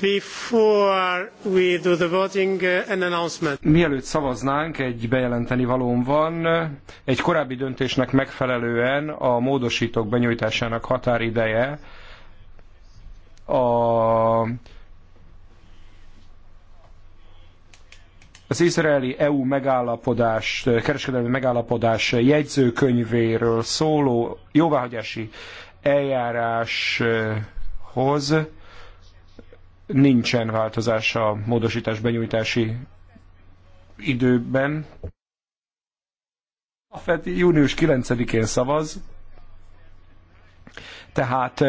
Before we do the voting, uh, an announcement. Mielőtt szavaznánk, egy bejelenteni valóm van. Egy korábbi döntésnek megfelelően a módosítók benyújtásának határideje a az izraeli EU megállapodás, kereskedelmi megállapodás jegyzőkönyvéről szóló jóváhagyási eljáráshoz nincsen változás a módosítás benyújtási időben. A FED június 9-én szavaz, tehát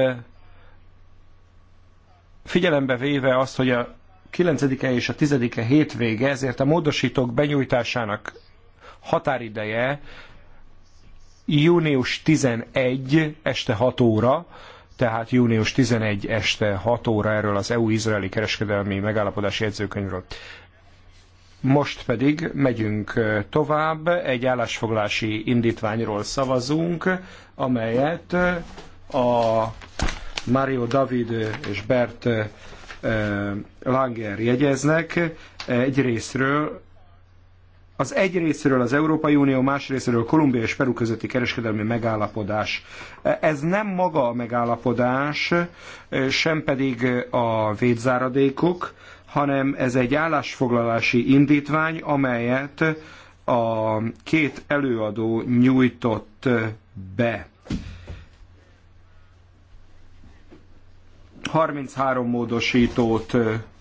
figyelembe véve azt, hogy a 9-e és a 10-e hétvége, ezért a módosítók benyújtásának határideje június 11 este 6 óra, tehát június 11 este 6 óra erről az EU-izraeli kereskedelmi megállapodási jegyzőkönyvről. Most pedig megyünk tovább, egy állásfoglási indítványról szavazunk, amelyet a Mario David és Bert Eh, Langer jegyeznek egy részről, az egy részről az Európai Unió, más részről Kolumbia és Peru közötti kereskedelmi megállapodás. Ez nem maga a megállapodás, sem pedig a védzáradékok, hanem ez egy állásfoglalási indítvány, amelyet a két előadó nyújtott be. 33 módosítót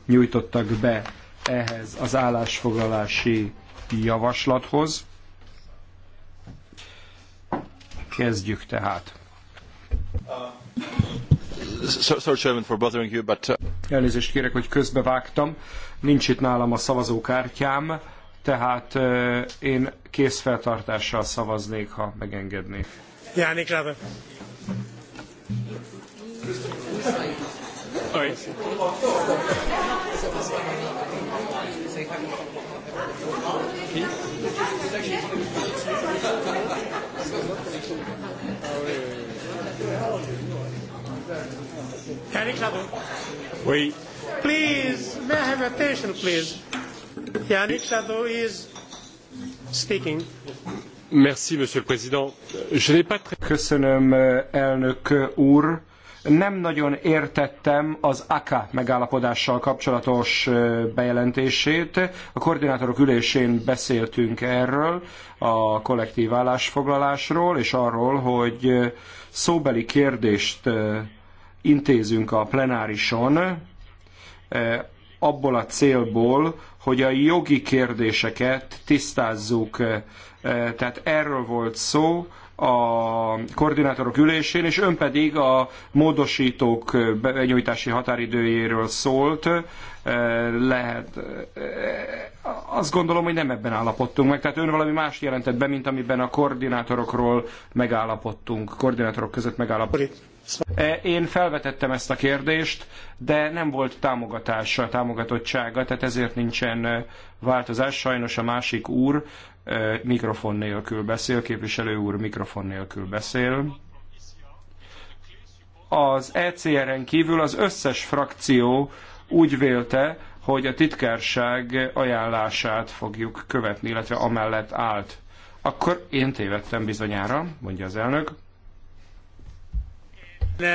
nyújtottak be ehhez az állásfoglalási javaslathoz. Kezdjük tehát. Sorry, Chairman, for bothering you, but... Uh, Elnézést kérek, hogy közbevágtam. Nincs itt nálam a szavazókártyám, tehát én készfeltartással szavaznék, ha megengednék. Jánik Rábe. Oi. Qui Eric Labon. Oui. Please, may I have attention, please? Yannick Jadot is speaking. Merci, Monsieur le Président. Je n'ai pas très... Köszönöm, eh, elnök úr nem nagyon értettem az AKA megállapodással kapcsolatos bejelentését. A koordinátorok ülésén beszéltünk erről, a kollektív állásfoglalásról, és arról, hogy szóbeli kérdést intézünk a plenárison, abból a célból, hogy a jogi kérdéseket tisztázzuk. Tehát erről volt szó, a koordinátorok ülésén, és ön pedig a módosítók benyújtási határidőjéről szólt. Lehet, azt gondolom, hogy nem ebben állapodtunk meg. Tehát ön valami más jelentett be, mint amiben a koordinátorokról megállapodtunk, koordinátorok között megállapodtunk. Én felvetettem ezt a kérdést, de nem volt támogatása, támogatottsága, tehát ezért nincsen változás. Sajnos a másik úr mikrofon nélkül beszél, képviselő úr mikrofon nélkül beszél. Az ECR-en kívül az összes frakció úgy vélte, hogy a titkárság ajánlását fogjuk követni, illetve amellett állt. Akkor én tévedtem bizonyára, mondja az elnök. Uh,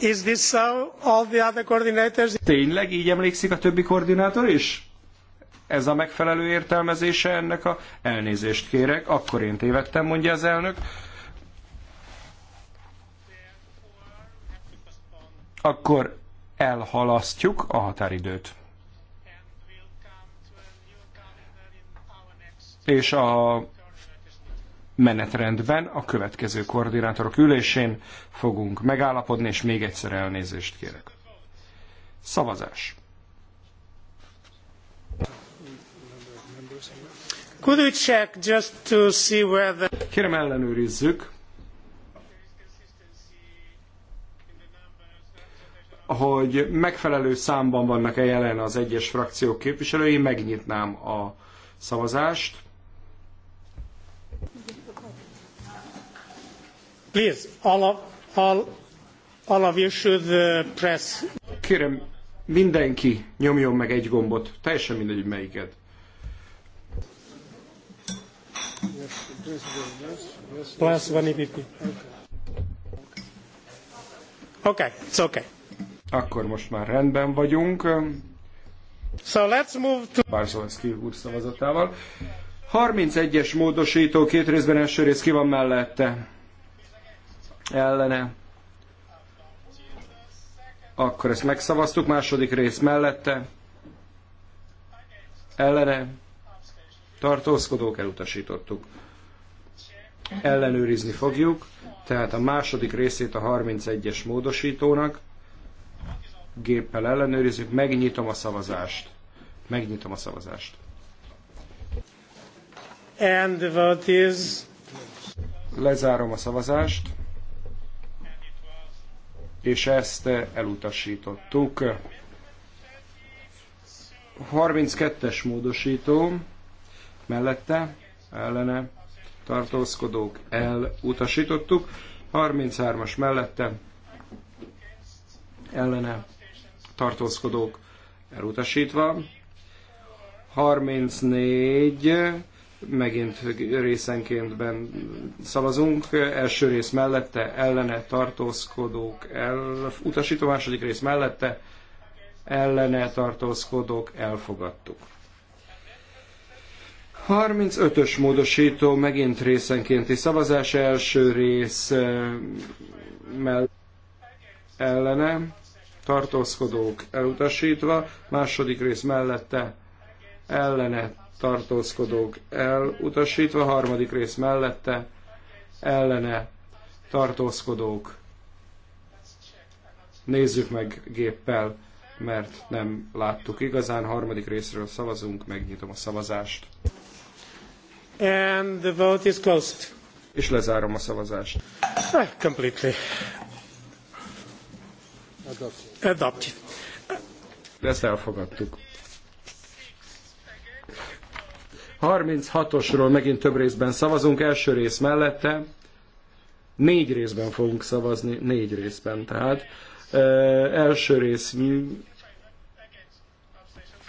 is this so? All the other coordinators... Tényleg így emlékszik a többi koordinátor is? Ez a megfelelő értelmezése ennek a elnézést kérek, akkor én tévedtem, mondja az elnök. Akkor elhalasztjuk a határidőt. És a menetrendben a következő koordinátorok ülésén fogunk megállapodni, és még egyszer elnézést kérek. Szavazás. Could we check just to see whether... Kérem ellenőrizzük, hogy megfelelő számban vannak-e jelen az egyes frakciók képviselői, megnyitnám a szavazást. Please, all of, all, all of you should uh, press. Kérem, mindenki nyomjon meg egy gombot, teljesen mindegy, melyiket. Plus one EPP. Okay, it's okay. Akkor most már rendben vagyunk. So let's move to... Barzolszki úr szavazatával. 31-es módosító, két részben első rész ki van mellette? Ellene. Akkor ezt megszavaztuk, második rész mellette. Ellene. Tartózkodók elutasítottuk ellenőrizni fogjuk, tehát a második részét a 31-es módosítónak géppel ellenőrizzük, megnyitom a szavazást. Megnyitom a szavazást. And the vote is... Lezárom a szavazást, és ezt elutasítottuk. 32-es módosító mellette, ellene, tartózkodók elutasítottuk. 33-as mellette ellene tartózkodók elutasítva. 34 megint ben szavazunk. Első rész mellette ellene tartózkodók elutasítva, második rész mellette ellene tartózkodók elfogadtuk. 35-ös módosító megint részenkénti szavazás első rész eh, mell ellene, tartózkodók elutasítva, második rész mellette ellene tartózkodók elutasítva, harmadik rész mellette ellene tartózkodók. Nézzük meg géppel, mert nem láttuk igazán. Harmadik részről szavazunk, megnyitom a szavazást. And the vote is closed. És lezárom a szavazást. Ah, completely. Adopted. Adopted. Ezt elfogadtuk. 36-osról megint több részben szavazunk, első rész mellette. Négy részben fogunk szavazni, négy részben tehát. E, első rész...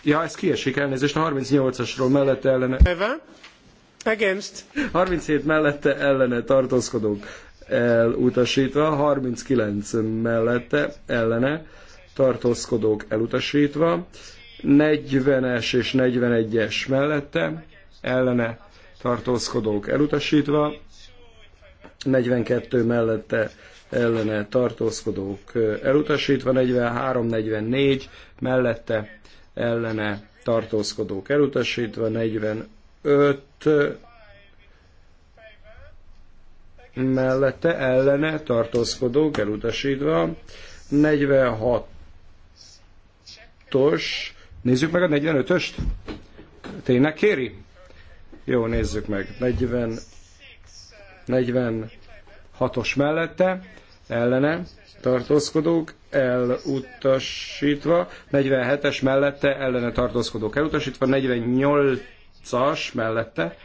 Ja, ez kiesik, elnézést, a 38-asról mellette ellene... Against. 37 mellette ellene tartózkodók elutasítva, 39 mellette ellene tartózkodók elutasítva, 40-es és 41-es mellette ellene tartózkodók elutasítva, 42 mellette ellene tartózkodók elutasítva, 43-44 mellette ellene tartózkodók elutasítva, 45 5 mellette ellene tartózkodók elutasítva, 46-os, nézzük meg a 45-öst, tényleg kéri? Jó, nézzük meg, 40, 46-os mellette ellene tartózkodók elutasítva, 47-es mellette ellene tartózkodók elutasítva, 48 as mellette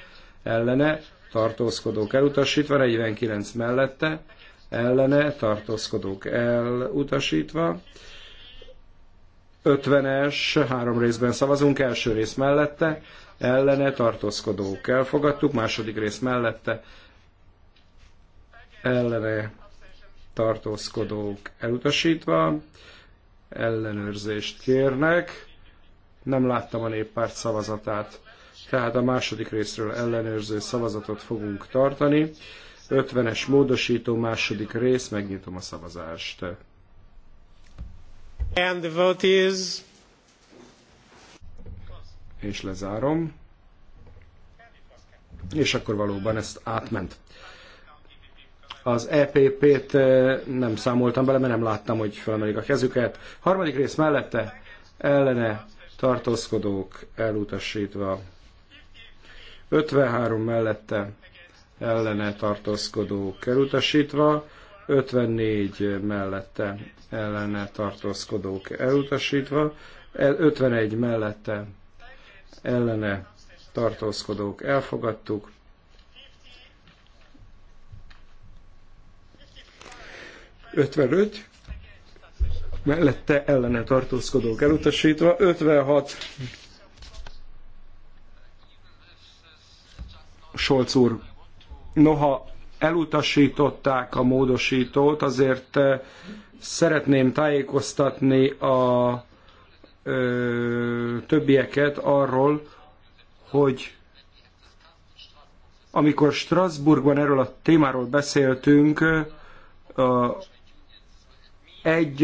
ellene tartózkodók elutasítva, 49 mellette ellene tartózkodók elutasítva. 50-es, három részben szavazunk, első rész mellette, ellene tartózkodók elfogadtuk, második rész mellette, ellene tartózkodók elutasítva, ellenőrzést kérnek. Nem láttam a néppárt szavazatát tehát a második részről ellenőrző szavazatot fogunk tartani. 50-es módosító második rész, megnyitom a szavazást. And the vote is... És lezárom. És akkor valóban ezt átment. Az EPP-t eh, nem számoltam bele, mert nem láttam, hogy felemelik a kezüket. Harmadik rész mellette ellene tartózkodók elutasítva. 53 mellette ellene tartózkodó elutasítva, 54 mellette ellene tartózkodók elutasítva, 51 mellette ellene tartózkodók elfogadtuk, 55 mellette ellene tartózkodók elutasítva, 56 Solc úr, noha elutasították a módosítót, azért eh, szeretném tájékoztatni a ö, többieket arról, hogy amikor Strasbourgban erről a témáról beszéltünk, egy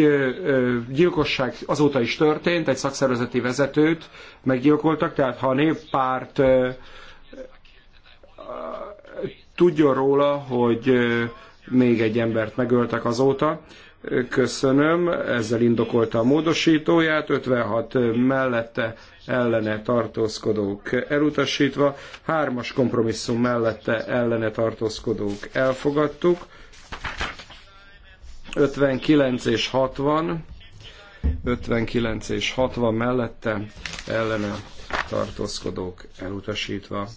gyilkosság azóta is történt, egy szakszervezeti vezetőt meggyilkoltak, tehát ha a néppárt tudjon róla, hogy még egy embert megöltek azóta. Köszönöm, ezzel indokolta a módosítóját, 56 mellette ellene tartózkodók elutasítva, hármas kompromisszum mellette ellene tartózkodók elfogadtuk, 59 és 60, 59 és 60 mellette ellene tartózkodók elutasítva.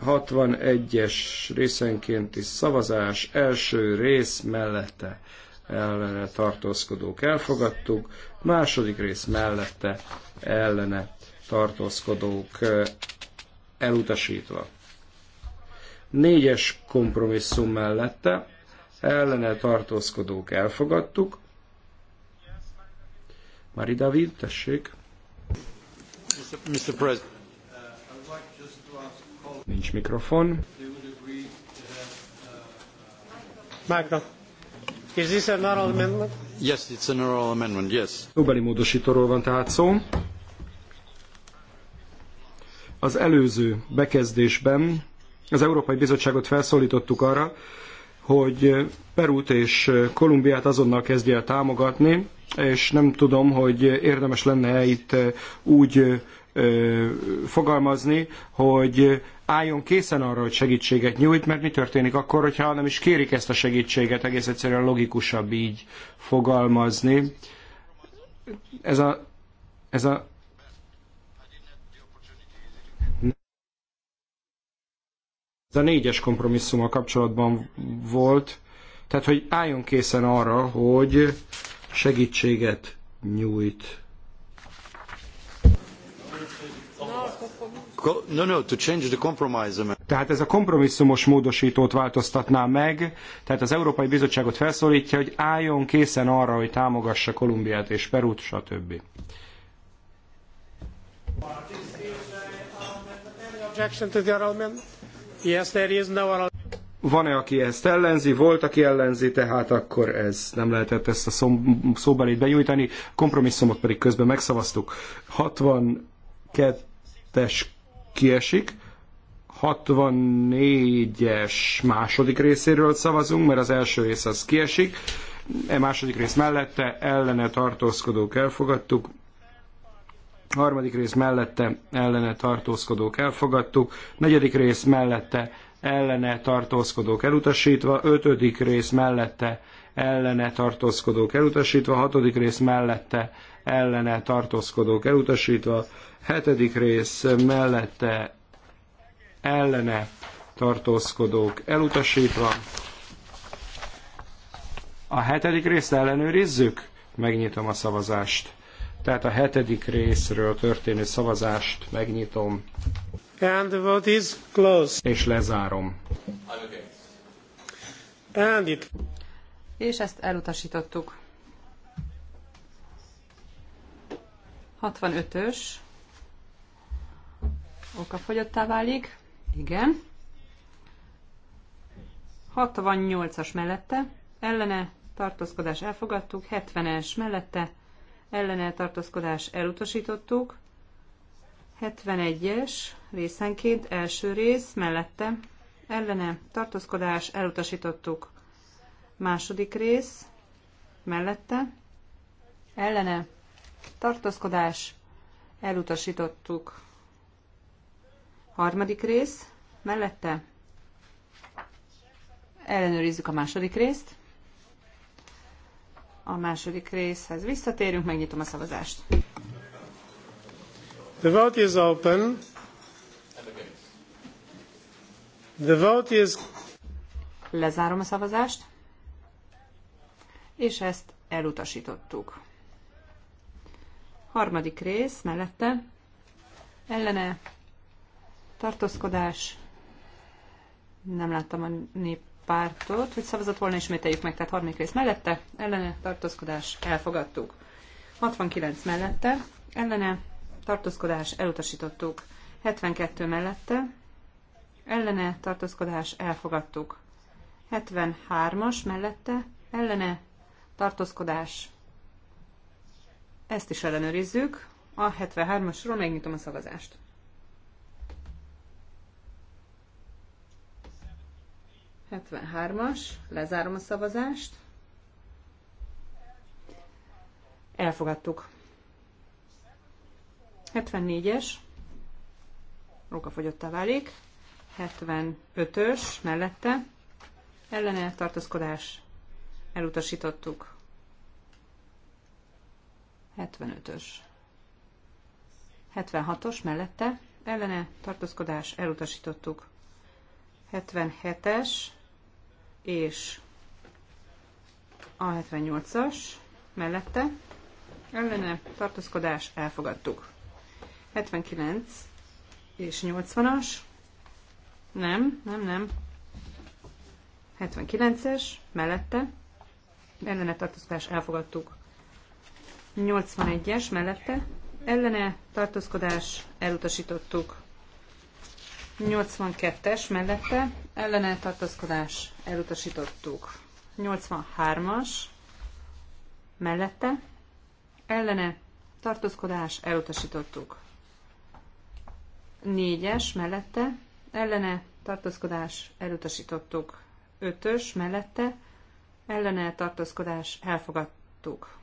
61-es részenkénti szavazás első rész mellette ellene tartózkodók elfogadtuk, második rész mellette ellene tartózkodók elutasítva. Négyes kompromisszum mellette ellene tartózkodók elfogadtuk. Mari David, tessék. Mr. President. Nincs mikrofon. Magda. Is this an oral amendment? Yes, it's an oral amendment, yes. Nobeli módosítóról van tehát szó. Az előző bekezdésben az Európai Bizottságot felszólítottuk arra, hogy Perút és Kolumbiát azonnal kezdje el támogatni, és nem tudom, hogy érdemes lenne -e itt úgy fogalmazni, hogy álljon készen arra, hogy segítséget nyújt, mert mi történik akkor, hogyha nem is kérik ezt a segítséget, egész egyszerűen logikusabb így fogalmazni. Ez a, ez a Ez a négyes kompromisszummal kapcsolatban volt, tehát hogy álljon készen arra, hogy segítséget nyújt. Tehát ez a kompromisszumos módosítót változtatná meg, tehát az Európai Bizottságot felszólítja, hogy álljon készen arra, hogy támogassa Kolumbiát és Perút, stb. Van-e, aki ezt ellenzi? Volt, aki ellenzi, tehát akkor ez nem lehetett ezt a szóbelét benyújtani. Kompromisszumot pedig közben megszavaztuk. 62-es kiesik. 64-es második részéről szavazunk, mert az első rész az kiesik. E második rész mellette ellene tartózkodók elfogadtuk. Harmadik rész mellette ellene tartózkodók elfogadtuk. Negyedik rész mellette ellene tartózkodók elutasítva. Ötödik rész mellette ellene tartózkodók elutasítva. Hatodik rész mellette ellene tartózkodók elutasítva, hetedik rész mellette ellene tartózkodók elutasítva. A hetedik részt ellenőrizzük, megnyitom a szavazást. Tehát a hetedik részről történő szavazást megnyitom. And the vote is closed. És lezárom. And it. És ezt elutasítottuk. 65-ös okafogyottá válik. Igen. 68-as mellette, ellene tartózkodás elfogadtuk, 70-es mellette, ellene tartózkodás elutasítottuk, 71-es részenként első rész mellette, ellene tartózkodás elutasítottuk, második rész mellette, ellene tartózkodás, elutasítottuk. Harmadik rész, mellette ellenőrizzük a második részt. A második részhez visszatérünk, megnyitom a szavazást. The vote is open. The vote is... Lezárom a szavazást, és ezt elutasítottuk. Harmadik rész mellette ellene tartózkodás. Nem láttam a néppártot, hogy szavazott volna, ismételjük meg, tehát harmadik rész mellette ellene tartózkodás elfogadtuk. 69 mellette ellene tartózkodás elutasítottuk. 72 mellette ellene tartózkodás elfogadtuk. 73-as mellette ellene tartózkodás ezt is ellenőrizzük. A 73-asról megnyitom a szavazást. as lezárom a szavazást. Elfogadtuk. 74-es, rókafogyottá válik. 75-ös mellette, ellene tartózkodás elutasítottuk. 75-ös. 76-os mellette ellene tartózkodás elutasítottuk. 77-es és a 78-as mellette ellene tartózkodás elfogadtuk. 79 és 80-as. Nem, nem, nem. 79-es mellette ellene tartózkodás elfogadtuk. 81-es mellette, ellene tartózkodás elutasítottuk. 82-es mellette, ellene tartózkodás elutasítottuk. 83-as mellette, ellene tartózkodás elutasítottuk. 4-es mellette, ellene tartózkodás elutasítottuk. 5-ös mellette, ellene tartózkodás elfogadtuk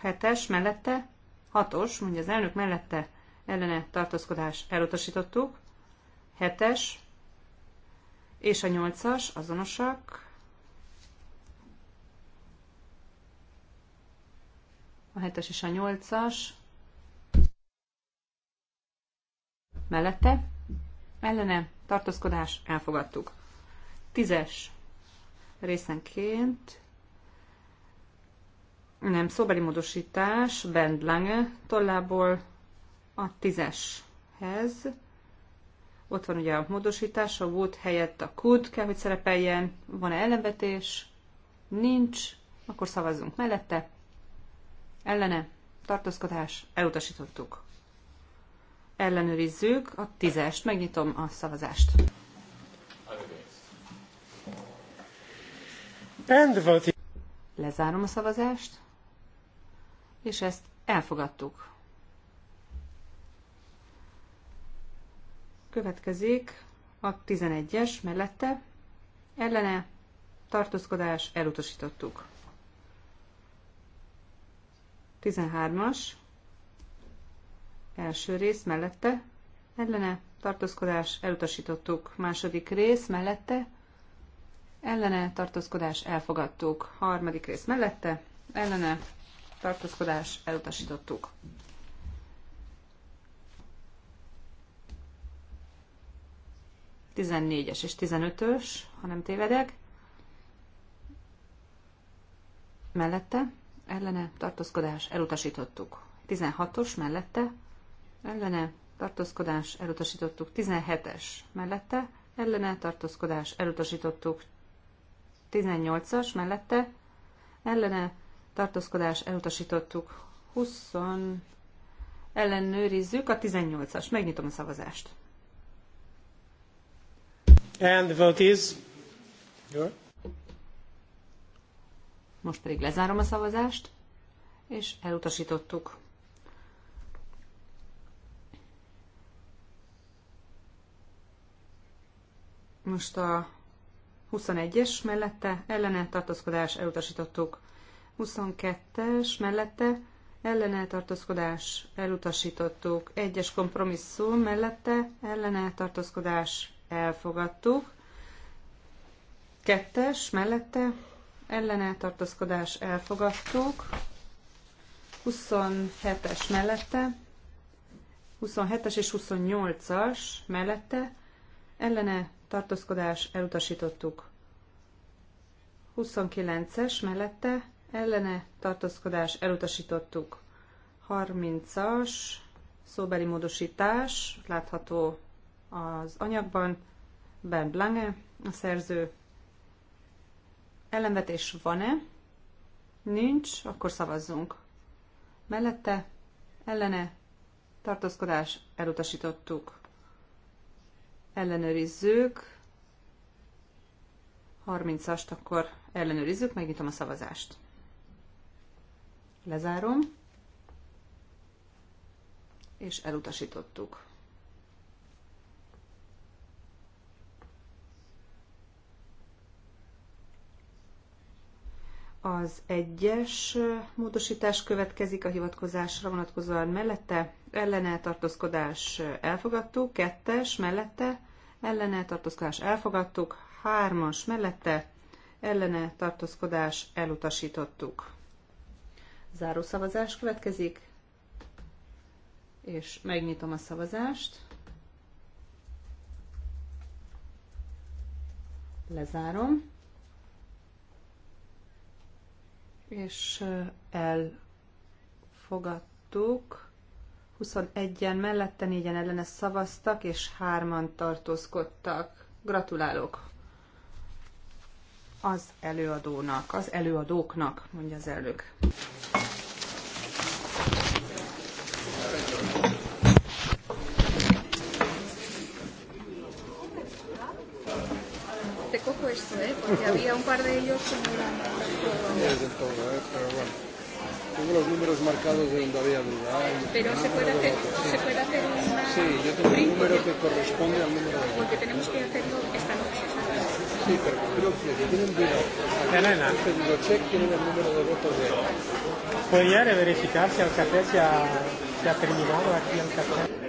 hetes mellette, hatos, mondja az elnök mellette, ellene tartózkodás elutasítottuk, hetes és a nyolcas azonosak. A hetes és a nyolcas mellette, ellene tartózkodás elfogadtuk. Tízes részenként nem szóbeli módosítás Bend Lange tollából a tízeshez. Ott van ugye a módosítás, a would helyett a could kell, hogy szerepeljen. Van-e ellenvetés? Nincs. Akkor szavazzunk mellette. Ellene. Tartózkodás. Elutasítottuk. Ellenőrizzük a tízest. Megnyitom a szavazást. Lezárom a szavazást és ezt elfogadtuk. Következik a 11-es mellette, ellene tartózkodás elutasítottuk. 13-as első rész mellette, ellene tartózkodás elutasítottuk. Második rész mellette, ellene tartózkodás elfogadtuk. Harmadik rész mellette, ellene tartózkodás elutasítottuk. Tizennégyes és tizenötös, ha nem tévedek. Mellette, ellene, tartózkodás elutasítottuk. Tizenhatos mellette, ellene, tartózkodás elutasítottuk. Tizenhetes mellette, ellene, tartózkodás elutasítottuk. 18-as mellette, ellene, tartózkodás elutasítottuk. 20 ellenőrizzük a 18-as. Megnyitom a szavazást. And the vote is? Most pedig lezárom a szavazást, és elutasítottuk. Most a 21-es mellette ellene tartózkodás elutasítottuk. 22-es mellette elleneltartózkodás elutasítottuk. Egyes kompromisszum mellette elleneltartózkodás elfogadtuk. Kettes mellette elleneltartózkodás elfogadtuk. 27-es mellette 27-es és 28-as mellette ellene tartózkodás elutasítottuk. 29-es mellette ellene tartózkodás elutasítottuk. 30-as szóbeli módosítás látható az anyagban. Ben Blange, a szerző. Ellenvetés van-e? Nincs, akkor szavazzunk. Mellette, ellene, tartózkodás, elutasítottuk. Ellenőrizzük. 30-ast akkor ellenőrizzük, megnyitom a szavazást. Lezárom. És elutasítottuk. Az egyes módosítás következik a hivatkozásra vonatkozóan mellette, ellene tartózkodás elfogadtuk, kettes mellette, ellene tartózkodás elfogadtuk, hármas mellette, ellene tartózkodás elutasítottuk. Záró szavazás következik, és megnyitom a szavazást. Lezárom. És elfogadtuk. 21-en mellette, 4-en ellene szavaztak, és 3-an tartózkodtak. Gratulálok! az előadónak, az előadóknak, mondja az elők. Te cojo esto, ¿eh? Porque había un par de ellos que no eran del todo. ¿eh? Pero bueno, tengo los números marcados de donde había duda. Pero se puede hacer, se puede hacer una... Sí, yo tengo un número que corresponde al número de... Porque tenemos que hacerlo esta noche. Sí, pero creo que tienen duda. vino. Tienen a... Check tienen el número de votos de... ¿Podría verificar si el café se ha, se ha terminado aquí en el café.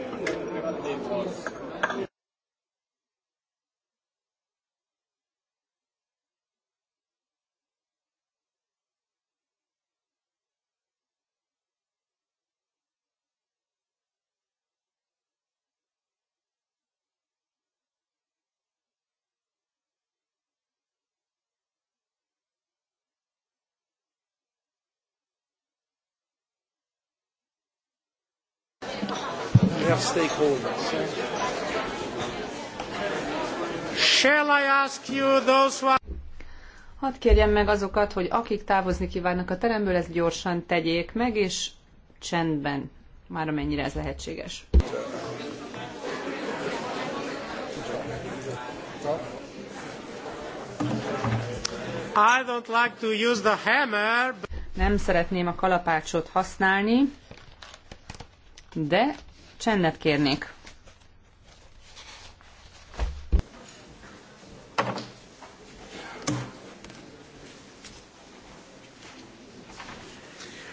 have stakeholders. Shall I ask you those who Hadd kérjem meg azokat, hogy akik távozni kívánnak a teremből, ezt gyorsan tegyék meg, és csendben, már amennyire ez lehetséges. I don't like to use the hammer, but... Nem szeretném a kalapácsot használni, de Csendet kérnék.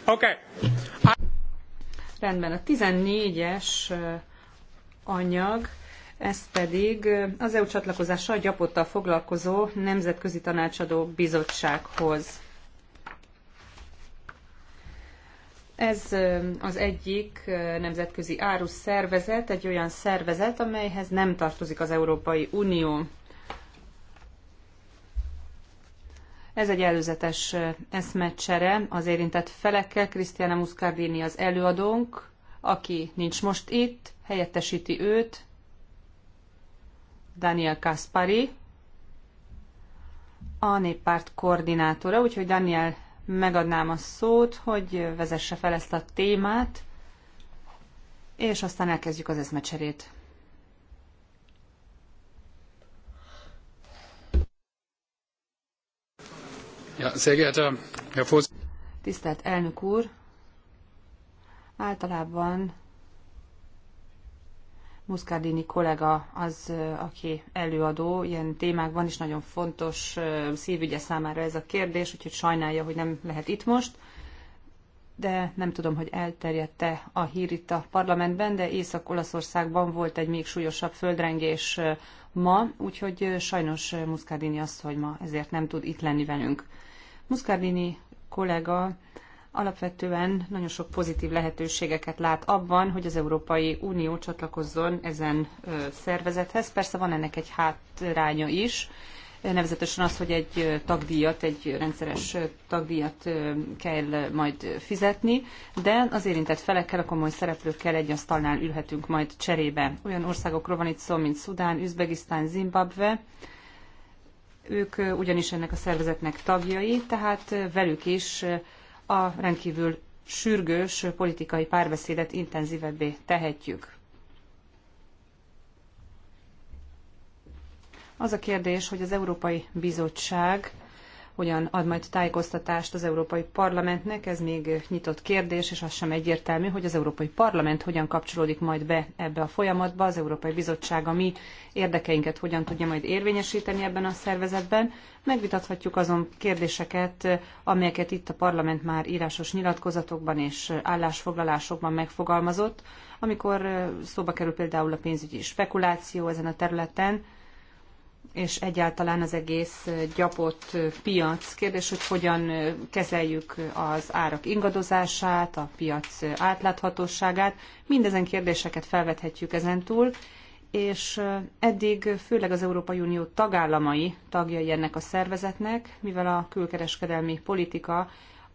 Oké. Okay. Rendben, a 14-es anyag, ez pedig az EU csatlakozással gyapottal foglalkozó Nemzetközi Tanácsadó Bizottsághoz. Ez az egyik nemzetközi árus szervezet, egy olyan szervezet, amelyhez nem tartozik az Európai Unió. Ez egy előzetes eszmecsere az érintett felekkel. Krisztiána Muscardini az előadónk, aki nincs most itt, helyettesíti őt, Daniel Kaspari, a néppárt koordinátora, úgyhogy Daniel megadnám a szót, hogy vezesse fel ezt a témát, és aztán elkezdjük az eszmecserét. Ja, sehr ja, Tisztelt elnök úr! Általában Muscardini kollega az, aki előadó ilyen témákban, is nagyon fontos szívügye számára ez a kérdés, úgyhogy sajnálja, hogy nem lehet itt most. De nem tudom, hogy elterjedte a hír itt a parlamentben, de Észak-Olaszországban volt egy még súlyosabb földrengés ma, úgyhogy sajnos Muscardini azt, hogy ma ezért nem tud itt lenni velünk. Muscardini kollega alapvetően nagyon sok pozitív lehetőségeket lát abban, hogy az Európai Unió csatlakozzon ezen szervezethez. Persze van ennek egy hátránya is, nevezetesen az, hogy egy tagdíjat, egy rendszeres tagdíjat kell majd fizetni, de az érintett felekkel, a komoly szereplőkkel egy asztalnál ülhetünk majd cserébe. Olyan országokról van itt szó, mint Szudán, Üzbegisztán, Zimbabwe, ők ugyanis ennek a szervezetnek tagjai, tehát velük is a rendkívül sürgős politikai párbeszédet intenzívebbé tehetjük. Az a kérdés, hogy az Európai Bizottság hogyan ad majd tájékoztatást az Európai Parlamentnek, ez még nyitott kérdés, és az sem egyértelmű, hogy az Európai Parlament hogyan kapcsolódik majd be ebbe a folyamatba, az Európai Bizottság a mi érdekeinket hogyan tudja majd érvényesíteni ebben a szervezetben. Megvitathatjuk azon kérdéseket, amelyeket itt a parlament már írásos nyilatkozatokban és állásfoglalásokban megfogalmazott, amikor szóba kerül például a pénzügyi spekuláció ezen a területen, és egyáltalán az egész gyapott piac. Kérdés, hogy hogyan kezeljük az árak ingadozását, a piac átláthatóságát. Mindezen kérdéseket felvethetjük ezentúl, és eddig főleg az Európai Unió tagállamai tagjai ennek a szervezetnek, mivel a külkereskedelmi politika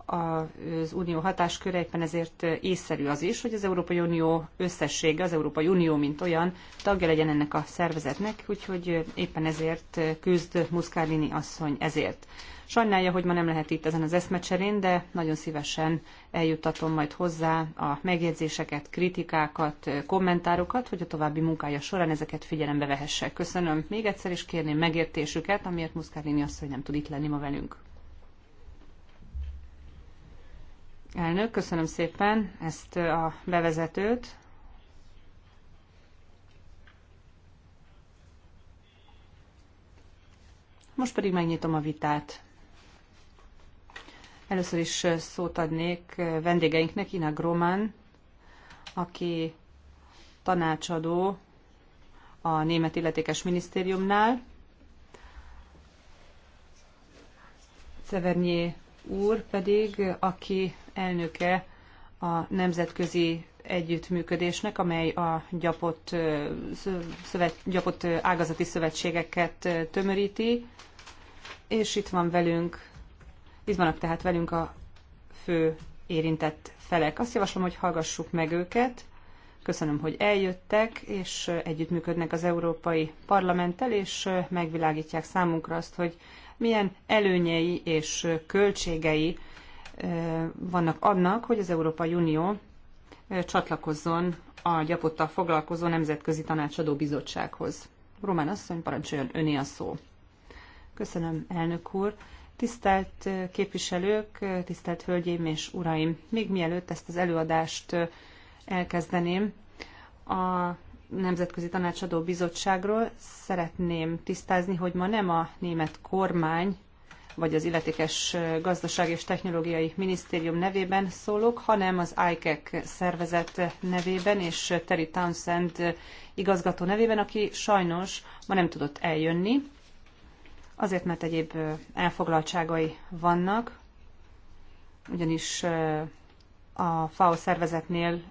az unió hatásköre, éppen ezért észszerű az is, hogy az Európai Unió összessége, az Európai Unió, mint olyan tagja legyen ennek a szervezetnek, úgyhogy éppen ezért küzd Muscardini asszony ezért. Sajnálja, hogy ma nem lehet itt ezen az eszmecserén, de nagyon szívesen eljuttatom majd hozzá a megjegyzéseket, kritikákat, kommentárokat, hogy a további munkája során ezeket figyelembe vehesse. Köszönöm még egyszer, és kérném megértésüket, amiért Muscardini asszony nem tud itt lenni ma velünk. Elnök, köszönöm szépen ezt a bevezetőt. Most pedig megnyitom a vitát. Először is szót adnék vendégeinknek, Ina Groman, aki tanácsadó a Német Illetékes Minisztériumnál, Szevernyi úr pedig, aki elnöke a nemzetközi együttműködésnek, amely a gyapott, szövet, gyapott ágazati szövetségeket tömöríti, és itt van velünk, itt vannak tehát velünk a fő érintett felek. Azt javaslom, hogy hallgassuk meg őket. Köszönöm, hogy eljöttek, és együttműködnek az Európai Parlamenttel, és megvilágítják számunkra azt, hogy milyen előnyei és költségei vannak annak, hogy az Európai Unió csatlakozzon a gyapottal foglalkozó Nemzetközi Tanácsadó Bizottsághoz. Román asszony, parancsoljon öné a szó. Köszönöm, elnök úr. Tisztelt képviselők, tisztelt hölgyeim és uraim! Még mielőtt ezt az előadást elkezdeném, a Nemzetközi Tanácsadó Bizottságról szeretném tisztázni, hogy ma nem a német kormány vagy az illetékes gazdaság és technológiai minisztérium nevében szólok, hanem az ICEC e szervezet nevében és Terry Townsend igazgató nevében, aki sajnos ma nem tudott eljönni, azért mert egyéb elfoglaltságai vannak, ugyanis a FAO szervezetnél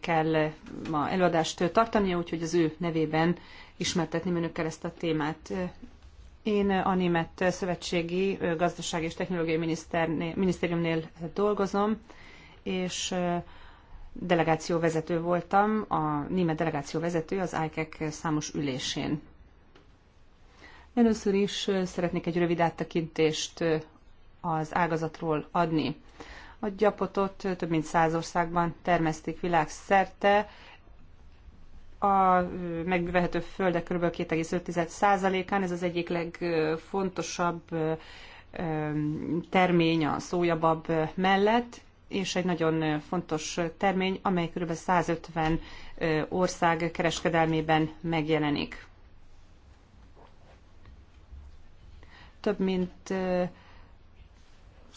kell ma előadást tartania, úgyhogy az ő nevében ismertetni önökkel ezt a témát. Én a Német Szövetségi Gazdaság és Technológiai Minisztériumnél dolgozom, és delegáció vezető voltam, a német delegáció vezető az ICEC e számos ülésén. Először is szeretnék egy rövid áttekintést az ágazatról adni. A gyapotot több mint száz országban termesztik világszerte, a megvehető földek kb. 2,5%-án, ez az egyik legfontosabb termény a szójabab mellett, és egy nagyon fontos termény, amely kb. 150 ország kereskedelmében megjelenik. Több mint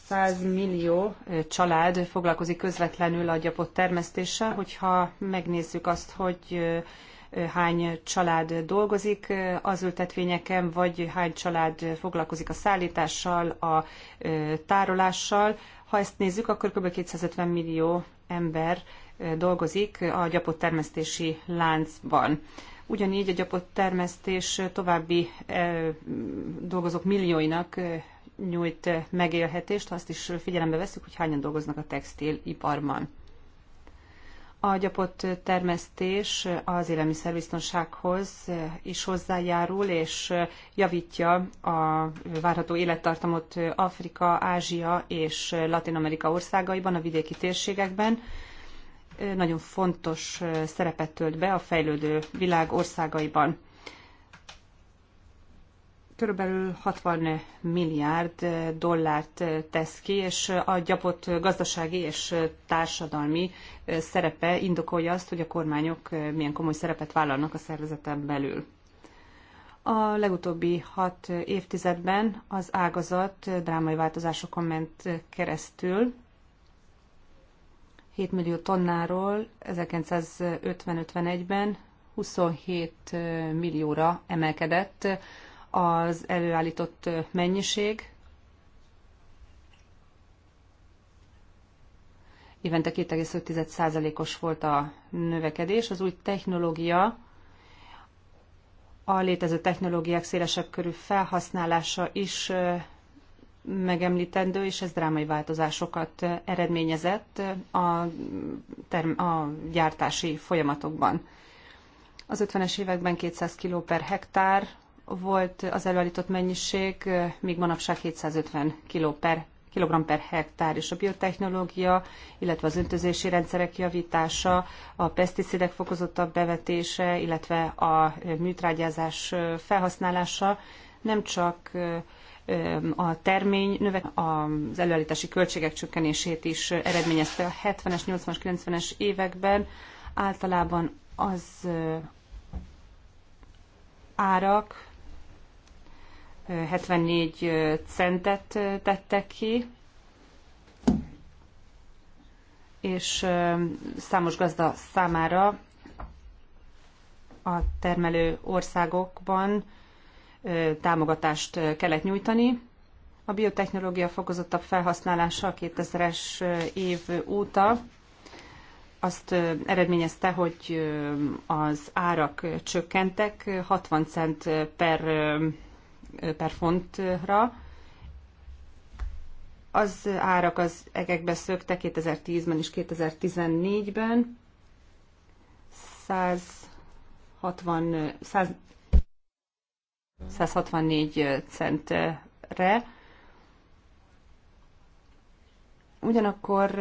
100 millió család foglalkozik közvetlenül a gyapott termesztéssel, hogyha megnézzük azt, hogy hány család dolgozik az ültetvényeken, vagy hány család foglalkozik a szállítással, a tárolással. Ha ezt nézzük, akkor kb. 250 millió ember dolgozik a gyapott termesztési láncban. Ugyanígy a gyapott termesztés további dolgozók millióinak nyújt megélhetést, ha azt is figyelembe veszük, hogy hányan dolgoznak a textiliparban. A gyapott termesztés az élelmiszerbiztonsághoz is hozzájárul, és javítja a várható élettartamot Afrika, Ázsia és Latin Amerika országaiban, a vidéki térségekben. Nagyon fontos szerepet tölt be a fejlődő világ országaiban körülbelül 60 milliárd dollárt tesz ki, és a gyapott gazdasági és társadalmi szerepe indokolja azt, hogy a kormányok milyen komoly szerepet vállalnak a szervezeten belül. A legutóbbi hat évtizedben az ágazat drámai változásokon ment keresztül. 7 millió tonnáról 1950-51-ben 27 millióra emelkedett az előállított mennyiség, évente 2,5%-os volt a növekedés. Az új technológia, a létező technológiák szélesebb körű felhasználása is megemlítendő, és ez drámai változásokat eredményezett a, term- a gyártási folyamatokban. Az 50-es években 200 kg per hektár, volt az előállított mennyiség, míg manapság 750 kg per kilogramm per hektár, és a biotechnológia, illetve az öntözési rendszerek javítása, a peszticidek fokozottabb bevetése, illetve a műtrágyázás felhasználása nem csak a termény növek, az előállítási költségek csökkenését is eredményezte a 70-es, 80-as, 90-es években általában az árak 74 centet tettek ki, és számos gazda számára a termelő országokban támogatást kellett nyújtani. A biotechnológia fokozottabb felhasználása a 2000-es év óta azt eredményezte, hogy az árak csökkentek, 60 cent per per fontra. Az árak az egekbe szökte 2010-ben és 2014-ben. 160, 100, 164 centre. Ugyanakkor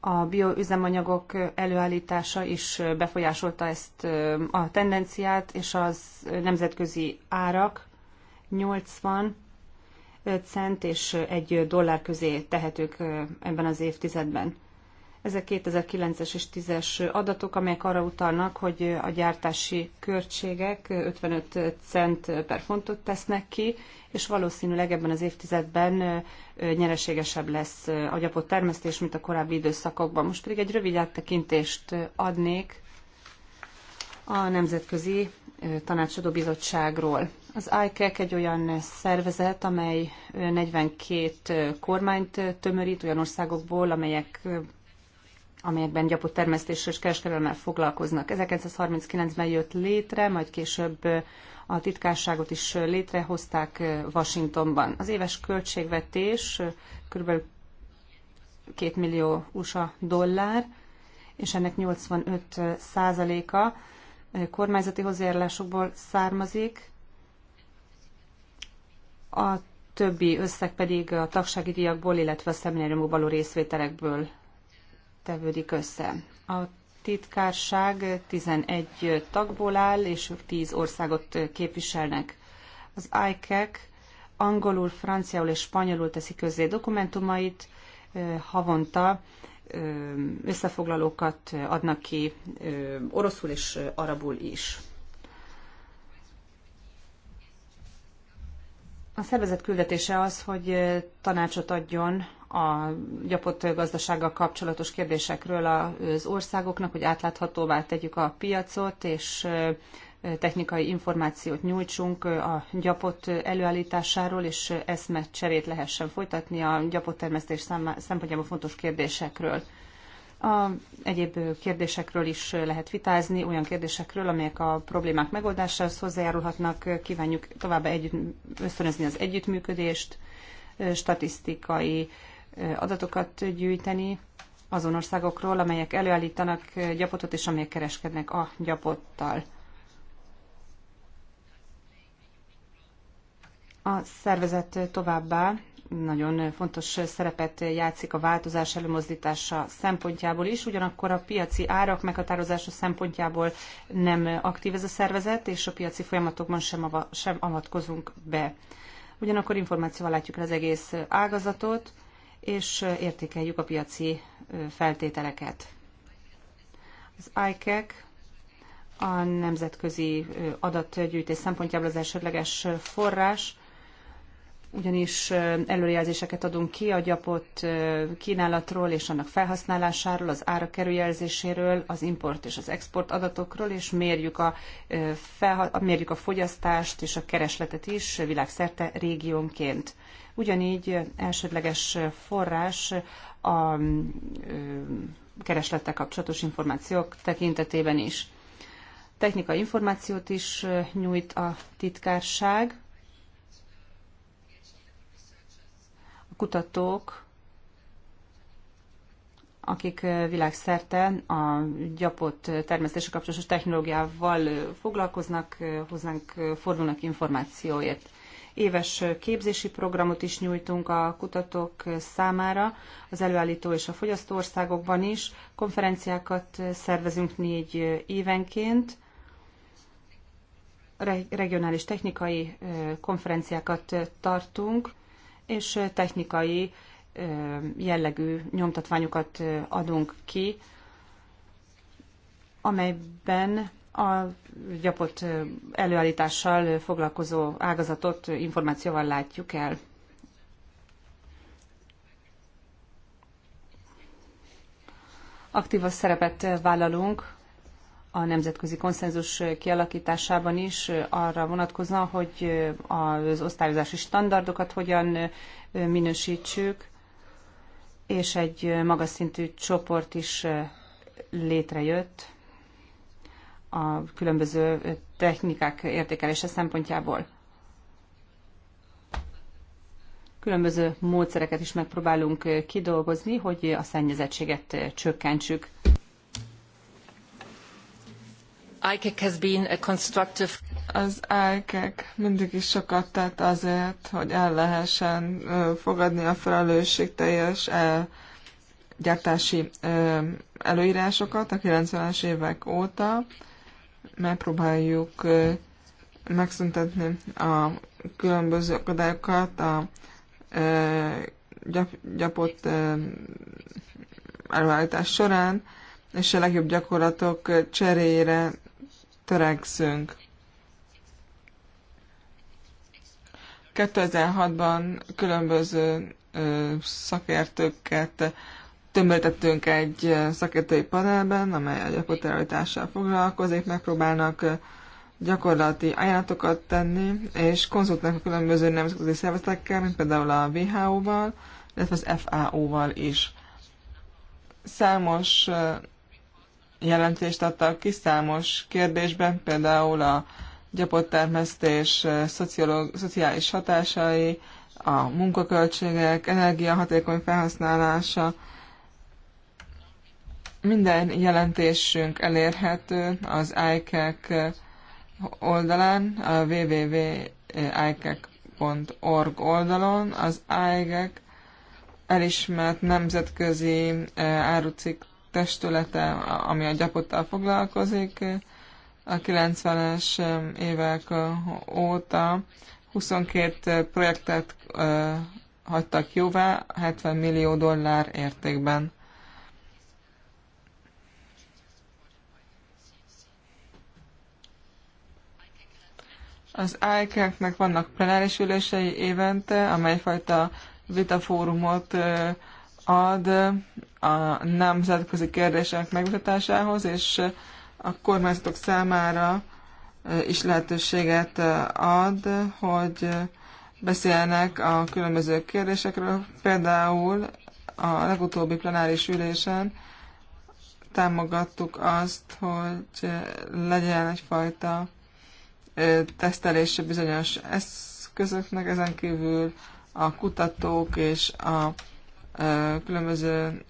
a bioüzemanyagok előállítása is befolyásolta ezt a tendenciát, és az nemzetközi árak 80 cent és 1 dollár közé tehetők ebben az évtizedben. Ezek 2009-es és 10-es adatok, amelyek arra utalnak, hogy a gyártási költségek 55 cent per fontot tesznek ki, és valószínűleg ebben az évtizedben nyereségesebb lesz a gyapott termesztés, mint a korábbi időszakokban. Most pedig egy rövid áttekintést adnék a Nemzetközi Tanácsadó Bizottságról. Az ICAC egy olyan szervezet, amely 42 kormányt tömörít olyan országokból, amelyek amelyekben gyapott termesztéssel és kereskedelemmel foglalkoznak. 1939-ben jött létre, majd később a titkárságot is létrehozták Washingtonban. Az éves költségvetés kb. 2 millió USA dollár, és ennek 85 százaléka kormányzati hozzájárulásokból származik, a többi összeg pedig a tagsági díjakból, illetve a szemináriumokból való részvételekből tevődik össze. A titkárság 11 tagból áll, és ők 10 országot képviselnek. Az ICAC e angolul, franciául és spanyolul teszi közzé dokumentumait, havonta összefoglalókat adnak ki oroszul és arabul is. A szervezet küldetése az, hogy tanácsot adjon a gyapott gazdasággal kapcsolatos kérdésekről az országoknak, hogy átláthatóvá tegyük a piacot, és technikai információt nyújtsunk a gyapot előállításáról, és eszmet cserét lehessen folytatni a termesztés szempontjából fontos kérdésekről. A egyéb kérdésekről is lehet vitázni, olyan kérdésekről, amelyek a problémák megoldásához hozzájárulhatnak. Kívánjuk továbbá együtt, ösztönözni az együttműködést, statisztikai adatokat gyűjteni azon országokról, amelyek előállítanak gyapotot és amelyek kereskednek a gyapottal. A szervezet továbbá nagyon fontos szerepet játszik a változás előmozdítása szempontjából is, ugyanakkor a piaci árak meghatározása szempontjából nem aktív ez a szervezet, és a piaci folyamatokban sem, ava, sem avatkozunk be. Ugyanakkor információval látjuk el az egész ágazatot, és értékeljük a piaci feltételeket. Az ICAC e a nemzetközi adatgyűjtés szempontjából az elsődleges forrás, ugyanis előrejelzéseket adunk ki a gyapott kínálatról és annak felhasználásáról, az árak kerüljelzéséről, az import és az export adatokról, és mérjük a, felha- mérjük a fogyasztást és a keresletet is világszerte régiónként. Ugyanígy elsődleges forrás a kereslettel kapcsolatos információk tekintetében is. Technikai információt is nyújt a titkárság, kutatók, akik világszerte a gyapott termesztésre kapcsolatos technológiával foglalkoznak, hozzánk fordulnak információért. Éves képzési programot is nyújtunk a kutatók számára, az előállító és a fogyasztó országokban is. Konferenciákat szervezünk négy évenként, regionális technikai konferenciákat tartunk, és technikai jellegű nyomtatványokat adunk ki, amelyben a gyapott előállítással foglalkozó ágazatot információval látjuk el. Aktív szerepet vállalunk a nemzetközi konszenzus kialakításában is arra vonatkozna, hogy az osztályozási standardokat hogyan minősítsük, és egy magas szintű csoport is létrejött a különböző technikák értékelése szempontjából. Különböző módszereket is megpróbálunk kidolgozni, hogy a szennyezettséget csökkentsük. E has been a constructive... Az ICAC e mindig is sokat tett azért, hogy el lehessen fogadni a felelősségteljes teljes gyártási előírásokat a 90-es évek óta. Megpróbáljuk megszüntetni a különböző akadályokat, a gyapott előállítás során, és a legjobb gyakorlatok cseréjére törekszünk. 2006-ban különböző szakértőket tömöltettünk egy szakértői panelben, amely a gyakorlatilag foglalkozik, megpróbálnak gyakorlati ajánlatokat tenni, és konzultálnak a különböző nemzetközi szervezetekkel, mint például a WHO-val, illetve az FAO-val is. Számos jelentést adtak ki számos kérdésben, például a termesztés szociális hatásai, a munkaköltségek, energiahatékony felhasználása. Minden jelentésünk elérhető az ICAC oldalán, a www.icac.org oldalon. Az ICAC elismert nemzetközi árucikk testülete, ami a gyapottal foglalkozik. A 90-es évek óta 22 projektet hagytak jóvá 70 millió dollár értékben. Az ICAC-nek vannak plenáris ülései évente, amelyfajta vitafórumot ad a nemzetközi kérdések megmutatásához, és a kormányzatok számára is lehetőséget ad, hogy beszélnek a különböző kérdésekről. Például a legutóbbi plenáris ülésen támogattuk azt, hogy legyen egyfajta tesztelése bizonyos eszközöknek, ezen kívül a kutatók és a különböző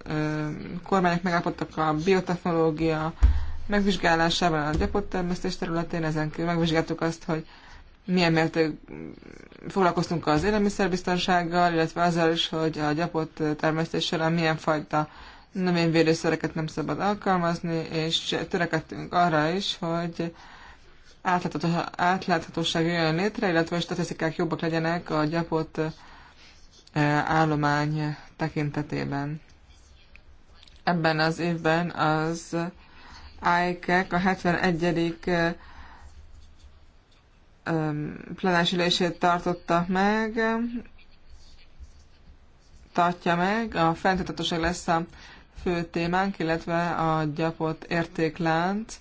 kormányok megállapodtak a biotechnológia megvizsgálásában a gyapottermesztés területén, ezen kívül megvizsgáltuk azt, hogy milyen mértékben foglalkoztunk az élelmiszerbiztonsággal, illetve azzal is, hogy a gyapott termesztés során milyen fajta növényvédőszereket nem szabad alkalmazni, és törekedtünk arra is, hogy átláthatóság jöjjön létre, illetve a statisztikák jobbak legyenek a gyapott állomány tekintetében. Ebben az évben az ICAC a 71. plenásülését tartotta meg, tartja meg, a fenntartatóság lesz a fő témánk, illetve a gyapott értéklánc.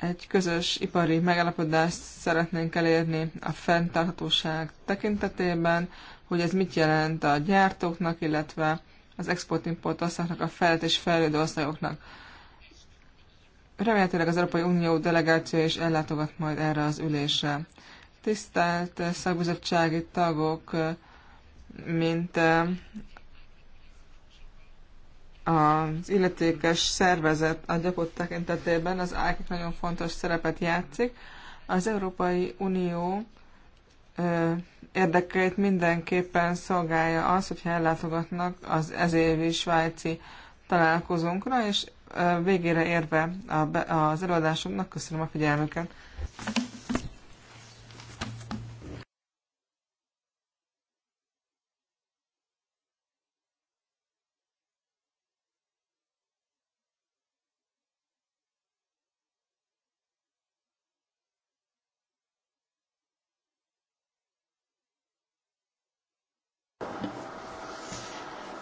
Egy közös ipari megállapodást szeretnénk elérni a fenntarthatóság tekintetében, hogy ez mit jelent a gyártóknak, illetve az export-import országnak, a fejlett és fejlődő országoknak. Remélhetőleg az Európai Unió delegáció is ellátogat majd erre az ülésre. Tisztelt szakbizottsági tagok, mint eh, az illetékes szervezet a gyakott tekintetében az ÁKIK nagyon fontos szerepet játszik. Az Európai Unió eh, érdekeit mindenképpen szolgálja az, hogyha ellátogatnak az ezévi svájci találkozónkra, és végére érve az előadásunknak köszönöm a figyelmüket.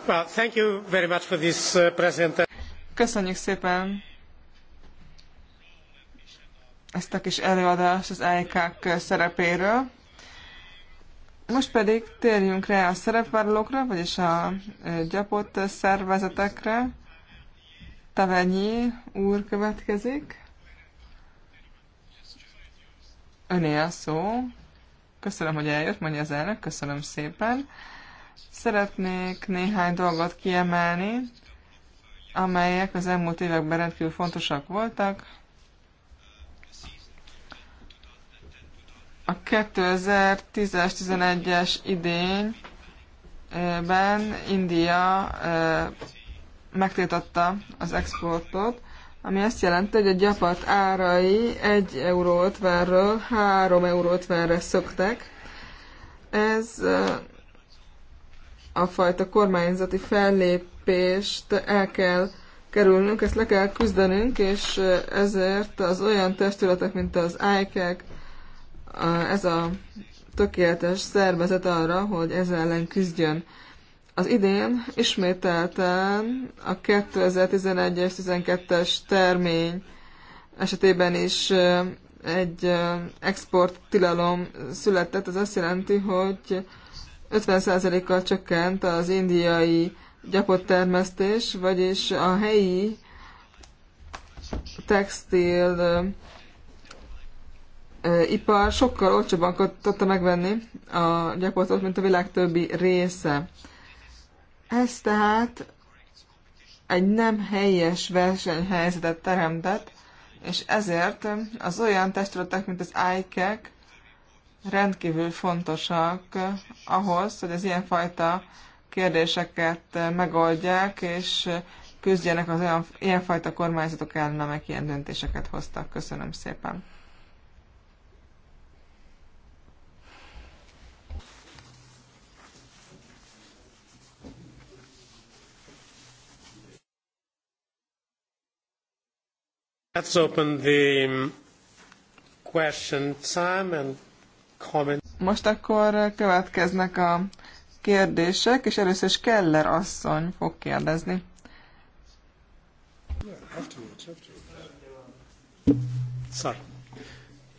Uh, Köszönjük szépen ezt a kis előadást az IK-k szerepéről. Most pedig térjünk rá a szerepvállalókra, vagyis a gyapott szervezetekre. Tavenyi úr következik. Öné a szó. Köszönöm, hogy eljött, mondja az elnök, köszönöm szépen. Szeretnék néhány dolgot kiemelni, amelyek az elmúlt években rendkívül fontosak voltak. A 2010-es, 11-es idényben India megtiltotta az exportot, ami azt jelenti, hogy a gyapat árai 1 euró 50-ről 3 euró 50-re szöktek. Ez a fajta kormányzati fellépést el kell kerülnünk, ezt le kell küzdenünk, és ezért az olyan testületek, mint az ICAC, ez a tökéletes szervezet arra, hogy ezzel ellen küzdjön. Az idén ismételten a 2011-es, 12-es termény esetében is egy export tilalom született. Ez azt jelenti, hogy 50%-kal csökkent az indiai gyapott termesztés, vagyis a helyi textil ipar sokkal olcsóbban tudta megvenni a gyapotot, mint a világ többi része. Ez tehát egy nem helyes versenyhelyzetet teremtett, és ezért az olyan testületek, mint az ICAC rendkívül fontosak ahhoz, hogy az ilyenfajta kérdéseket megoldják, és küzdjenek az olyan, ilyenfajta kormányzatok ellen, amelyek ilyen döntéseket hoztak. Köszönöm szépen. Let's open the um, question time and most akkor következnek a kérdések, és először is Keller asszony fog kérdezni. Sorry.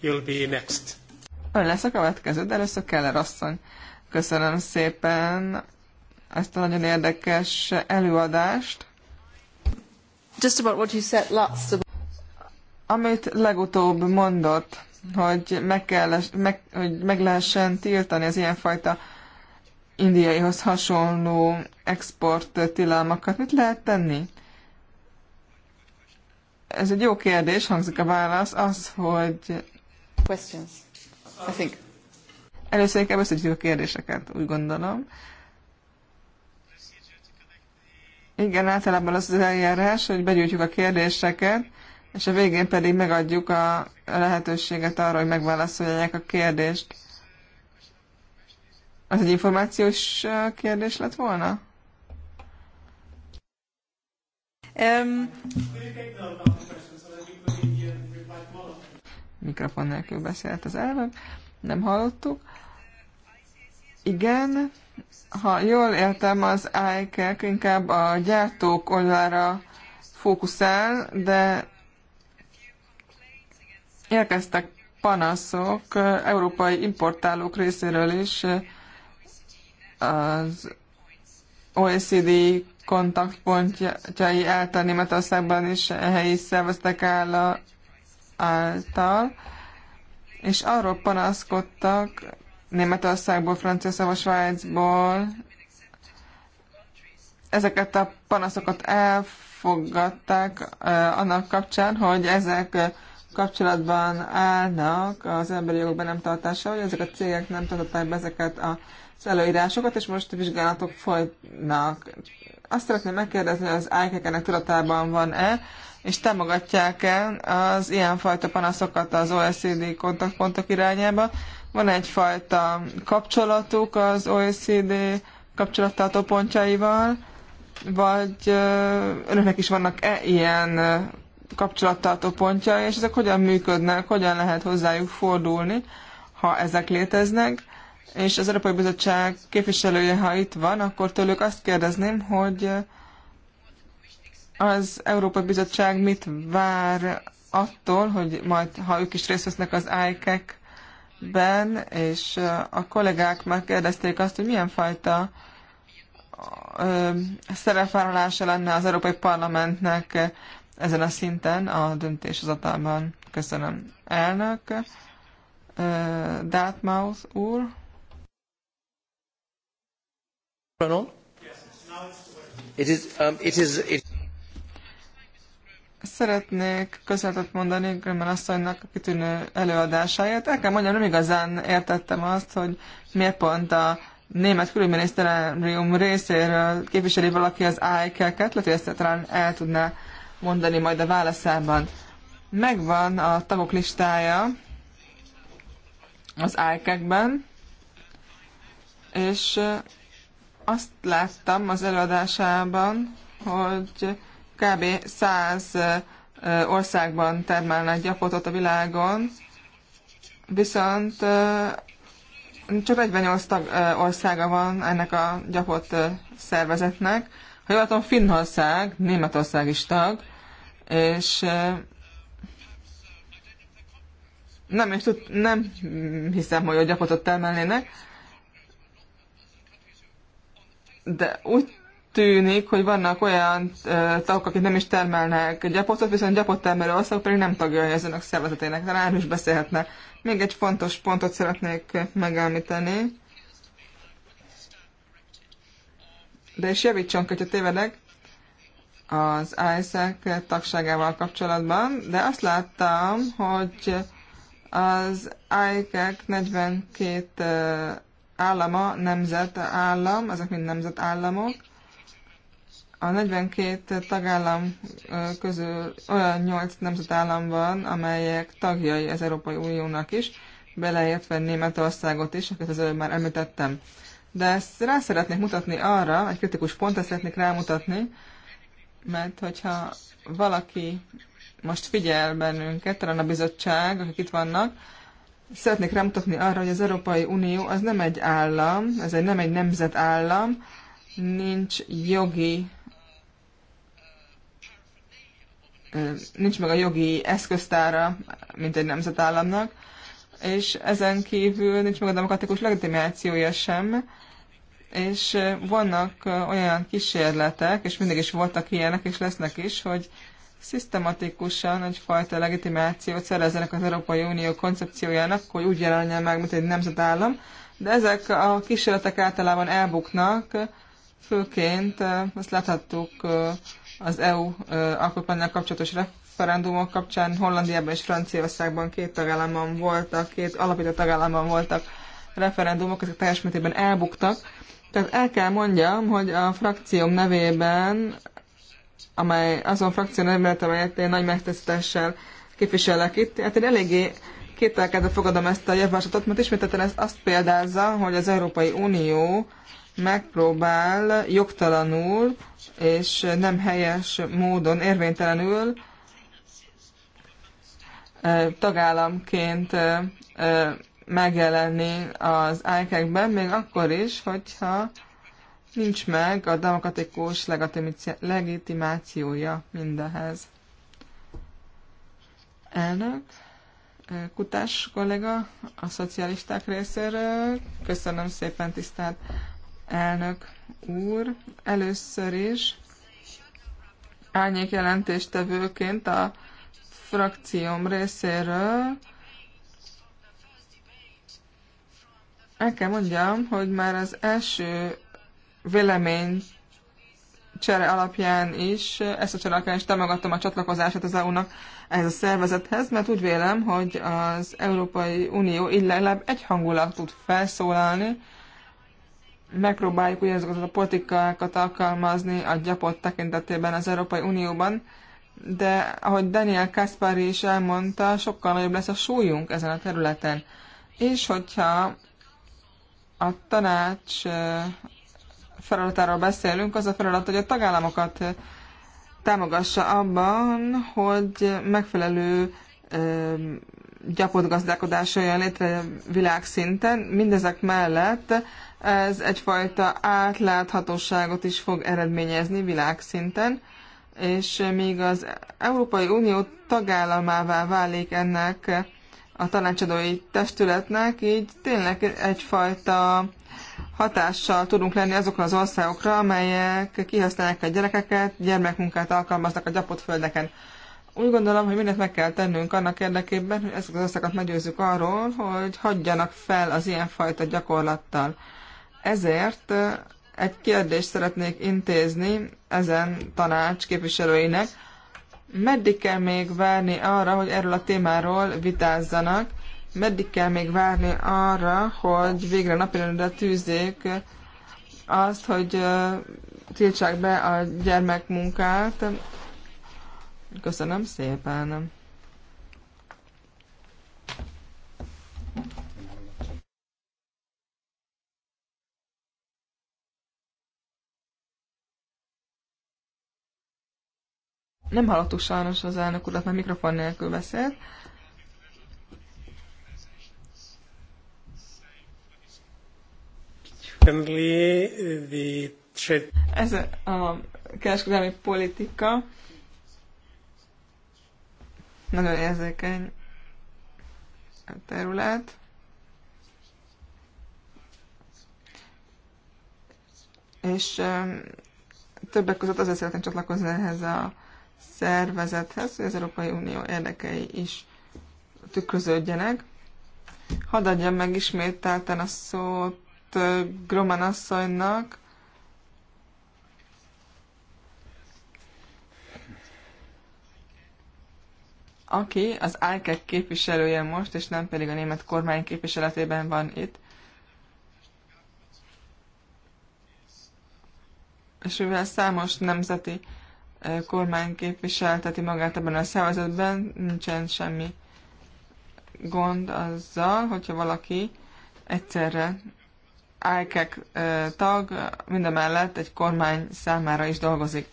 You'll be next. Ön lesz a következő, de először Keller asszony. Köszönöm szépen ezt a nagyon érdekes előadást. Just about what you said last. Amit legutóbb mondott hogy meg, kell, meg, hogy meg lehessen tiltani az ilyenfajta indiaihoz hasonló export tilalmakat. Mit lehet tenni? Ez egy jó kérdés, hangzik a válasz, az, hogy... Questions, I think. Először inkább összegyűjtjük a kérdéseket, úgy gondolom. Igen, általában az az eljárás, hogy begyűjtjük a kérdéseket, és a végén pedig megadjuk a lehetőséget arra, hogy megválaszolják a kérdést. Az egy információs kérdés lett volna? Um, Mikrofon nélkül beszélt az elnök, nem hallottuk. Igen, ha jól értem, az ICAC e inkább a gyártók oldalára fókuszál, de Érkeztek panaszok európai importálók részéről is az OECD kontaktpontjai által Németországban is e helyi szervezetek által, és arról panaszkodtak Németországból, Franciaországból, Svájcból. Ezeket a panaszokat elfogadták annak kapcsán, hogy ezek kapcsolatban állnak az emberi jogok be nem tartása, hogy ezek a cégek nem tartották be ezeket az előírásokat, és most vizsgálatok folynak. Azt szeretném megkérdezni, hogy az ikec ennek tudatában van-e, és támogatják-e az ilyenfajta panaszokat az OECD kontaktpontok irányába. Van egyfajta kapcsolatuk az OECD kapcsolattartó pontjaival, vagy önöknek is vannak-e ilyen kapcsolattartó pontja, és ezek hogyan működnek, hogyan lehet hozzájuk fordulni, ha ezek léteznek. És az Európai Bizottság képviselője, ha itt van, akkor tőlük azt kérdezném, hogy az Európai Bizottság mit vár attól, hogy majd, ha ők is részt vesznek az ICAC-ben, e és a kollégák megkérdezték azt, hogy milyen fajta szerepvállalása lenne az Európai Parlamentnek ezen a szinten a döntéshozatalban. Köszönöm. Elnök, Dartmouth úr. It is, um, it is, it... Szeretnék köszönetet mondani Grömmel asszonynak a kitűnő előadásáért. El kell mondjam, nem igazán értettem azt, hogy miért pont a német külügyminiszterium részéről képviseli valaki az AIK-ket, lehet, hogy ezt talán el tudná mondani majd a válaszában. Megvan a tagok listája az ICAC-ben, és azt láttam az előadásában, hogy kb. 100 országban termelnek gyapotot a világon, viszont csak 48 tag országa van ennek a gyapot szervezetnek. Ha jól látom, Finnország, Németország is tag, és nem, és tud, nem hiszem, hogy a gyakorlatot termelnének, de úgy tűnik, hogy vannak olyan uh, tagok, akik nem is termelnek gyapotot, viszont gyapot termelő országok pedig nem tagjai az önök szervezetének, talán is beszélhetne. Még egy fontos pontot szeretnék megállítani, De és javítson, hogyha tévedek az ISEC tagságával kapcsolatban, de azt láttam, hogy az ISEC 42 állama nemzet állam, ezek mind nemzet államok. A 42 tagállam közül olyan 8 nemzetállam van, amelyek tagjai az Európai Uniónak is, beleértve Németországot is, akit az előbb már említettem. De ezt rá szeretnék mutatni arra, egy kritikus pontra szeretnék rámutatni, mert hogyha valaki most figyel bennünket, talán a bizottság, akik itt vannak, szeretnék rámutatni arra, hogy az Európai Unió az nem egy állam, ez egy, nem egy nemzetállam, nincs jogi nincs meg a jogi eszköztára, mint egy nemzetállamnak, és ezen kívül nincs meg a demokratikus legitimációja sem, és vannak olyan kísérletek, és mindig is voltak ilyenek, és lesznek is, hogy szisztematikusan egyfajta legitimációt szerezzenek az Európai Unió koncepciójának, hogy úgy jelenjen meg, mint egy nemzetállam, de ezek a kísérletek általában elbuknak, főként azt láthattuk az EU alkotmánynak kapcsolatos referendumok kapcsán Hollandiában és Franciaországban két tagállamban voltak, két alapító tagállamban voltak referendumok, ezek teljes mértékben elbuktak, tehát el kell mondjam, hogy a frakcióm nevében, amely azon frakció nevében, amelyet én nagy megtiszteltéssel képviselek itt, hát én eléggé kételkedve fogadom ezt a javaslatot, mert ismételten ezt azt példázza, hogy az Európai Unió megpróbál jogtalanul és nem helyes módon, érvénytelenül eh, tagállamként eh, megjelenni az ájkekben, még akkor is, hogyha nincs meg a demokratikus legitimációja mindehez. Elnök, Kutás kollega a szocialisták részéről, köszönöm szépen tisztelt elnök úr. Először is árnyék jelentéstevőként a frakcióm részéről el kell mondjam, hogy már az első vélemény csere alapján is, ezt a csere alapján is támogatom a csatlakozását az EU-nak ehhez a szervezethez, mert úgy vélem, hogy az Európai Unió illetve hangulat tud felszólalni, megpróbáljuk ugyanazokat a politikákat alkalmazni a gyapott tekintetében az Európai Unióban, de ahogy Daniel Kaspari is elmondta, sokkal nagyobb lesz a súlyunk ezen a területen. És hogyha a tanács feladatáról beszélünk, az a feladat, hogy a tagállamokat támogassa abban, hogy megfelelő gyapott gazdálkodás olyan létre világszinten. Mindezek mellett ez egyfajta átláthatóságot is fog eredményezni világszinten, és még az Európai Unió tagállamává válik ennek a tanácsadói testületnek, így tényleg egyfajta hatással tudunk lenni azokra az országokra, amelyek kihasználják a gyerekeket, gyermekmunkát alkalmaznak a gyapott földeken. Úgy gondolom, hogy mindent meg kell tennünk annak érdekében, hogy ezeket az országokat meggyőzzük arról, hogy hagyjanak fel az ilyenfajta gyakorlattal. Ezért eh, egy kérdést szeretnék intézni ezen tanács képviselőinek, Meddig kell még várni arra, hogy erről a témáról vitázzanak? Meddig kell még várni arra, hogy végre napirendre tűzzék azt, hogy tiltsák be a gyermekmunkát? Köszönöm szépen! Nem hallottuk sajnos az elnök urat, mert mikrofon nélkül beszélt. Ez a kereskedelmi politika nagyon érzékeny terület. És többek között azért szeretném csatlakozni ehhez a szervezethez, hogy az Európai Unió érdekei is tükröződjenek. Hadd adjam meg ismételten a szót Groman asszonynak, aki az IKEK képviselője most, és nem pedig a német kormány képviseletében van itt. És mivel számos nemzeti kormány képviselteti magát ebben a szervezetben, nincsen semmi gond azzal, hogyha valaki egyszerre ICAC tag, mindemellett egy kormány számára is dolgozik.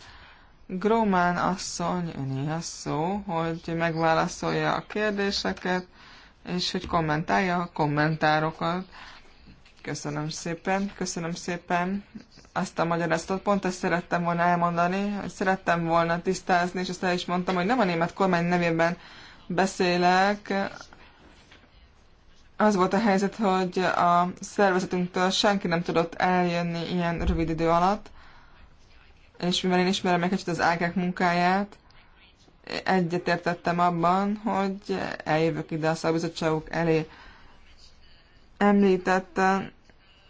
Grómán asszony, öné a szó, hogy megválaszolja a kérdéseket, és hogy kommentálja a kommentárokat. Köszönöm szépen, köszönöm szépen azt a magyarázatot. Pont ezt szerettem volna elmondani, hogy szerettem volna tisztázni, és ezt el is mondtam, hogy nem a német kormány nevében beszélek. Az volt a helyzet, hogy a szervezetünktől senki nem tudott eljönni ilyen rövid idő alatt, és mivel én ismerem egy kicsit az ágák munkáját, egyetértettem abban, hogy eljövök ide a szabizottságok elé. Említette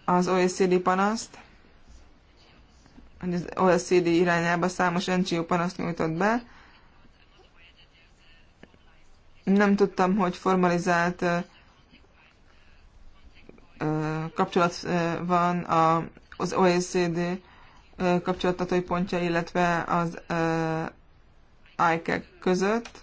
az OECD panaszt, hogy az OECD irányába számos NGO panaszt nyújtott be. Nem tudtam, hogy formalizált kapcsolat van az OECD kapcsolatai pontja, illetve az ICAC között.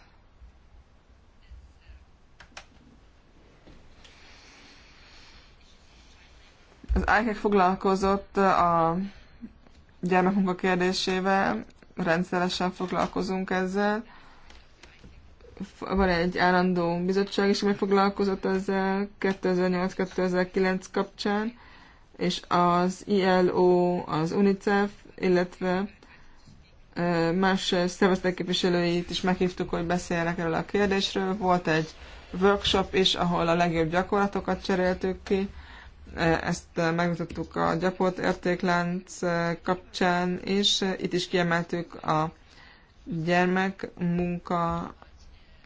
Az ICAC foglalkozott a gyermekmunka kérdésével, rendszeresen foglalkozunk ezzel. Van egy állandó bizottság is, ami foglalkozott ezzel 2008-2009 kapcsán, és az ILO, az UNICEF, illetve más szervezetek képviselőit is meghívtuk, hogy beszéljenek erről a kérdésről. Volt egy workshop is, ahol a legjobb gyakorlatokat cseréltük ki, ezt megmutattuk a gyapott értéklánc kapcsán, és itt is kiemeltük a gyermek munka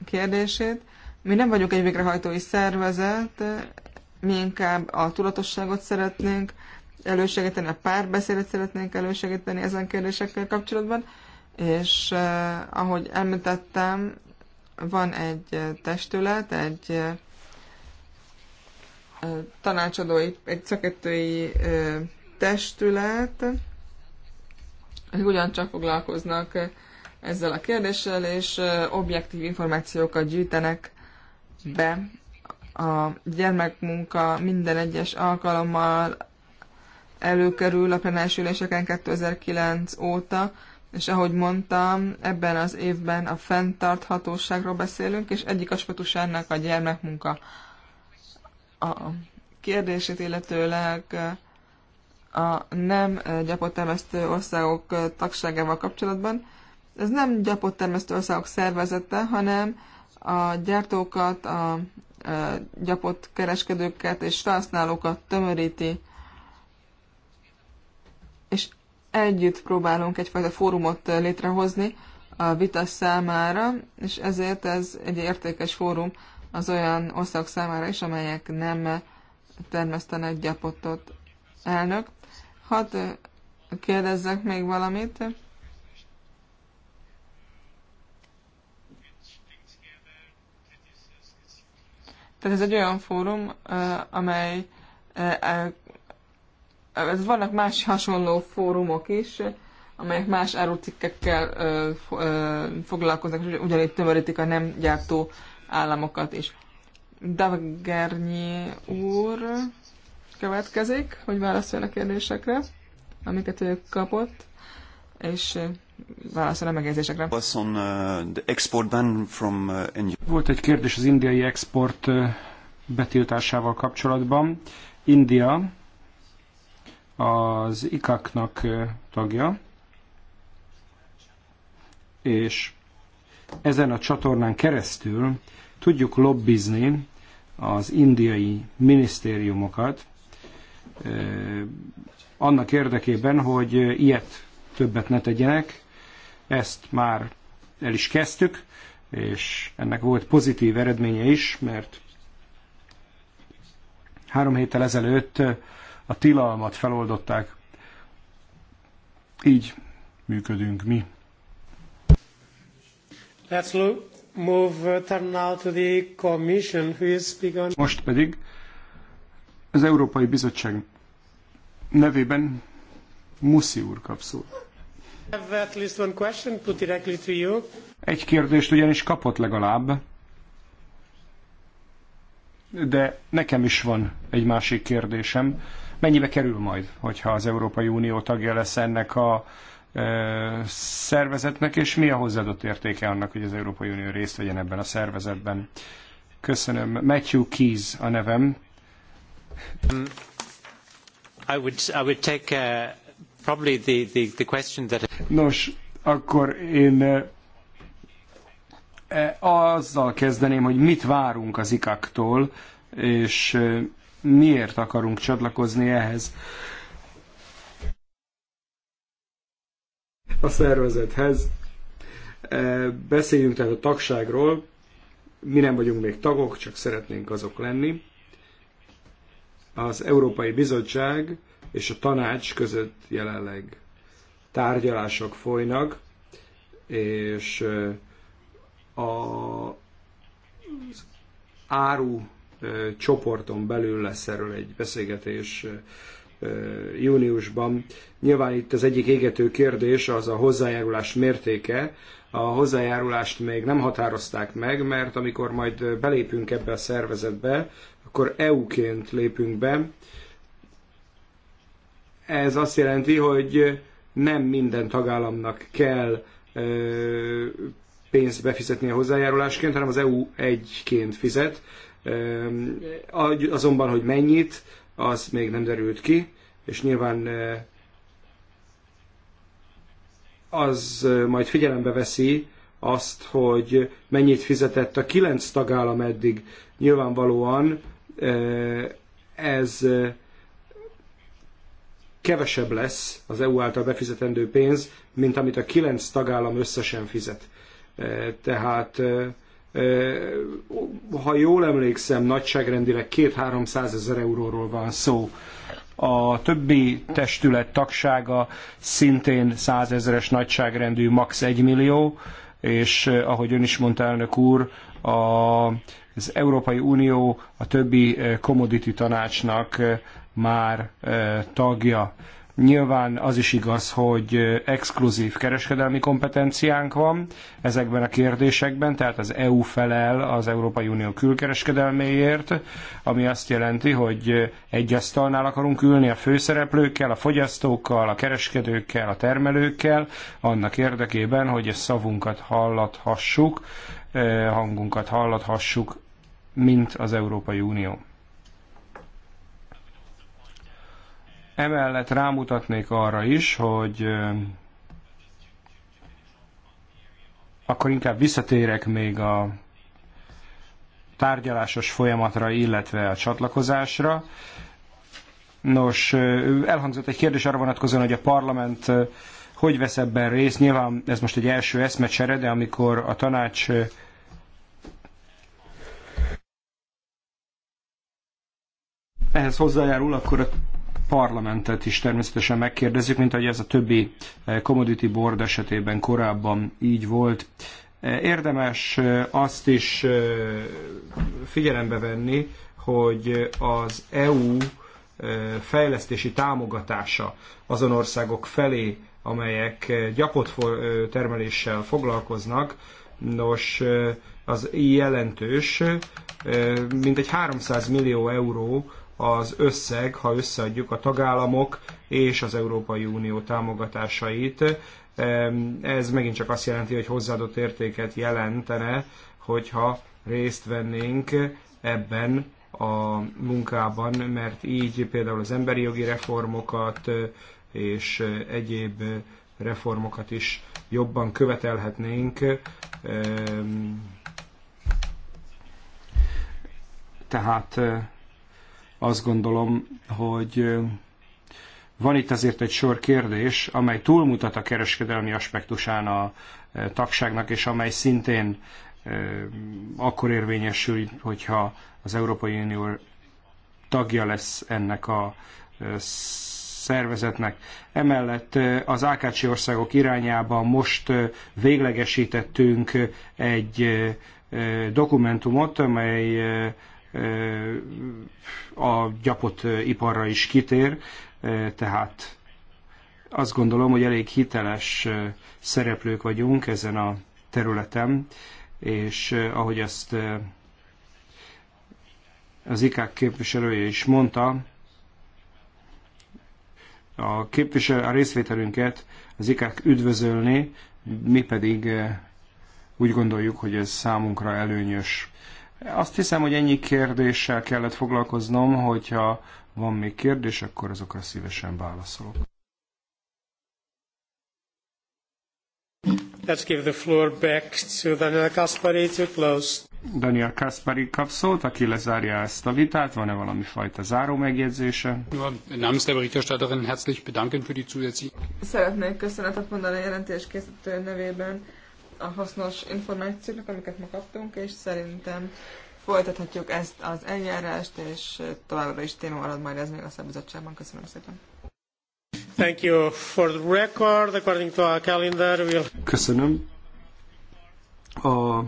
kérdését. Mi nem vagyunk egy végrehajtói szervezet, mi inkább a tudatosságot szeretnénk elősegíteni, a párbeszédet szeretnénk elősegíteni ezen kérdésekkel kapcsolatban, és eh, ahogy említettem, van egy testület, egy tanácsadói, egy szakértői testület, akik ugyancsak foglalkoznak ezzel a kérdéssel, és objektív információkat gyűjtenek be a gyermekmunka minden egyes alkalommal előkerül a plenáris 2009 óta, és ahogy mondtam, ebben az évben a fenntarthatóságról beszélünk, és egyik aspektusának a gyermekmunka a kérdését, illetőleg a nem gyapottermesztő országok tagságával kapcsolatban. Ez nem gyapottermesztő országok szervezete, hanem a gyártókat, a e, gyapott kereskedőket és felhasználókat tömöríti, és együtt próbálunk egyfajta fórumot létrehozni a vita számára, és ezért ez egy értékes fórum az olyan országok számára is, amelyek nem termesztenek gyapotot. Elnök, hadd kérdezzek még valamit. Tehát ez egy olyan fórum, amely ez vannak más hasonló fórumok is, amelyek más árucikkekkel foglalkoznak, és ugyanígy tömörítik a nem gyártó államokat is. Davgernyi úr következik, hogy válaszoljon a kérdésekre, amiket ő kapott, és válaszol a megjegyzésekre. Uh, uh, Volt egy kérdés az indiai export betiltásával kapcsolatban. India az ICAC-nak tagja, és ezen a csatornán keresztül Tudjuk lobbizni az indiai minisztériumokat annak érdekében, hogy ilyet többet ne tegyenek. Ezt már el is kezdtük, és ennek volt pozitív eredménye is, mert három héttel ezelőtt a tilalmat feloldották. Így működünk mi. László move uh, turn now to the commission who is speaking. Most pedig az Európai Bizottság nevében Muszi úr kap szót. Egy kérdést ugyanis kapott legalább, de nekem is van egy másik kérdésem. Mennyibe kerül majd, hogyha az Európai Unió tagja lesz ennek a szervezetnek, és mi a hozzáadott értéke annak, hogy az Európai Unió részt vegyen ebben a szervezetben. Köszönöm. Matthew Keys a nevem. Um, I would, I would take uh, probably the, the, the question that... Nos, akkor én e, azzal kezdeném, hogy mit várunk az ICAC-tól, és miért akarunk csatlakozni ehhez. a szervezethez. E, beszéljünk tehát a tagságról. Mi nem vagyunk még tagok, csak szeretnénk azok lenni. Az Európai Bizottság és a tanács között jelenleg tárgyalások folynak, és e, a, áru e, csoporton belül lesz erről egy beszélgetés júniusban. Nyilván itt az egyik égető kérdés az a hozzájárulás mértéke. A hozzájárulást még nem határozták meg, mert amikor majd belépünk ebbe a szervezetbe, akkor EU-ként lépünk be. Ez azt jelenti, hogy nem minden tagállamnak kell pénzt befizetni a hozzájárulásként, hanem az EU egyként fizet. Azonban, hogy mennyit, az még nem derült ki, és nyilván az majd figyelembe veszi azt, hogy mennyit fizetett a kilenc tagállam eddig. Nyilvánvalóan ez kevesebb lesz az EU által befizetendő pénz, mint amit a kilenc tagállam összesen fizet. Tehát ha jól emlékszem, nagyságrendileg 2-300 ezer euróról van szó. A többi testület tagsága szintén 100 ezeres nagyságrendű, max. 1 millió, és ahogy ön is mondta, elnök úr, a, az Európai Unió a többi commodity tanácsnak már tagja. Nyilván az is igaz, hogy exkluzív kereskedelmi kompetenciánk van ezekben a kérdésekben, tehát az EU felel az Európai Unió külkereskedelméért, ami azt jelenti, hogy egy asztalnál akarunk ülni a főszereplőkkel, a fogyasztókkal, a kereskedőkkel, a termelőkkel, annak érdekében, hogy a szavunkat hallathassuk, eh, hangunkat hallathassuk, mint az Európai Unió. Emellett rámutatnék arra is, hogy akkor inkább visszatérek még a tárgyalásos folyamatra, illetve a csatlakozásra. Nos, elhangzott egy kérdés arra vonatkozóan, hogy a parlament hogy vesz ebben részt. Nyilván ez most egy első eszmecsere, de amikor a tanács ehhez hozzájárul, akkor a parlamentet is természetesen megkérdezzük, mint ahogy ez a többi eh, commodity board esetében korábban így volt. Eh, érdemes eh, azt is figyelembe venni, hogy az EU fejlesztési támogatása azon országok felé, amelyek gyapott termeléssel foglalkoznak, nos, az jelentős, mintegy 300 millió euró az összeg, ha összeadjuk a tagállamok és az Európai Unió támogatásait, ez megint csak azt jelenti, hogy hozzáadott értéket jelentene, hogyha részt vennénk ebben a munkában, mert így például az emberi jogi reformokat és egyéb reformokat is jobban követelhetnénk. Tehát azt gondolom, hogy van itt azért egy sor kérdés, amely túlmutat a kereskedelmi aspektusán a tagságnak, és amely szintén akkor érvényesül, hogyha az Európai Unió tagja lesz ennek a szervezetnek. Emellett az Ákácsi országok irányába most véglegesítettünk egy dokumentumot, amely a gyapott iparra is kitér, tehát azt gondolom, hogy elég hiteles szereplők vagyunk ezen a területen, és ahogy azt az IKák képviselője is mondta, a, képvisel, a részvételünket az IKák üdvözölni, mi pedig úgy gondoljuk, hogy ez számunkra előnyös. Azt hiszem, hogy ennyi kérdéssel kellett foglalkoznom, hogyha van még kérdés, akkor azokra szívesen válaszolok. Let's give the floor back to Daniel Kaspari to close. Daniel Kaspari kap szót, aki lezárja ezt a vitát. Van-e valami fajta záró megjegyzése? Namens der herzlich bedanken für die zusätzliche... Szeretnék köszönetet mondani a jelentés nevében a hasznos információknak, amiket ma kaptunk, és szerintem folytathatjuk ezt az eljárást, és továbbra is téma marad majd ez még a szabizottságban. Köszönöm szépen. Thank you for the record. According to our calendar, we'll... Köszönöm. A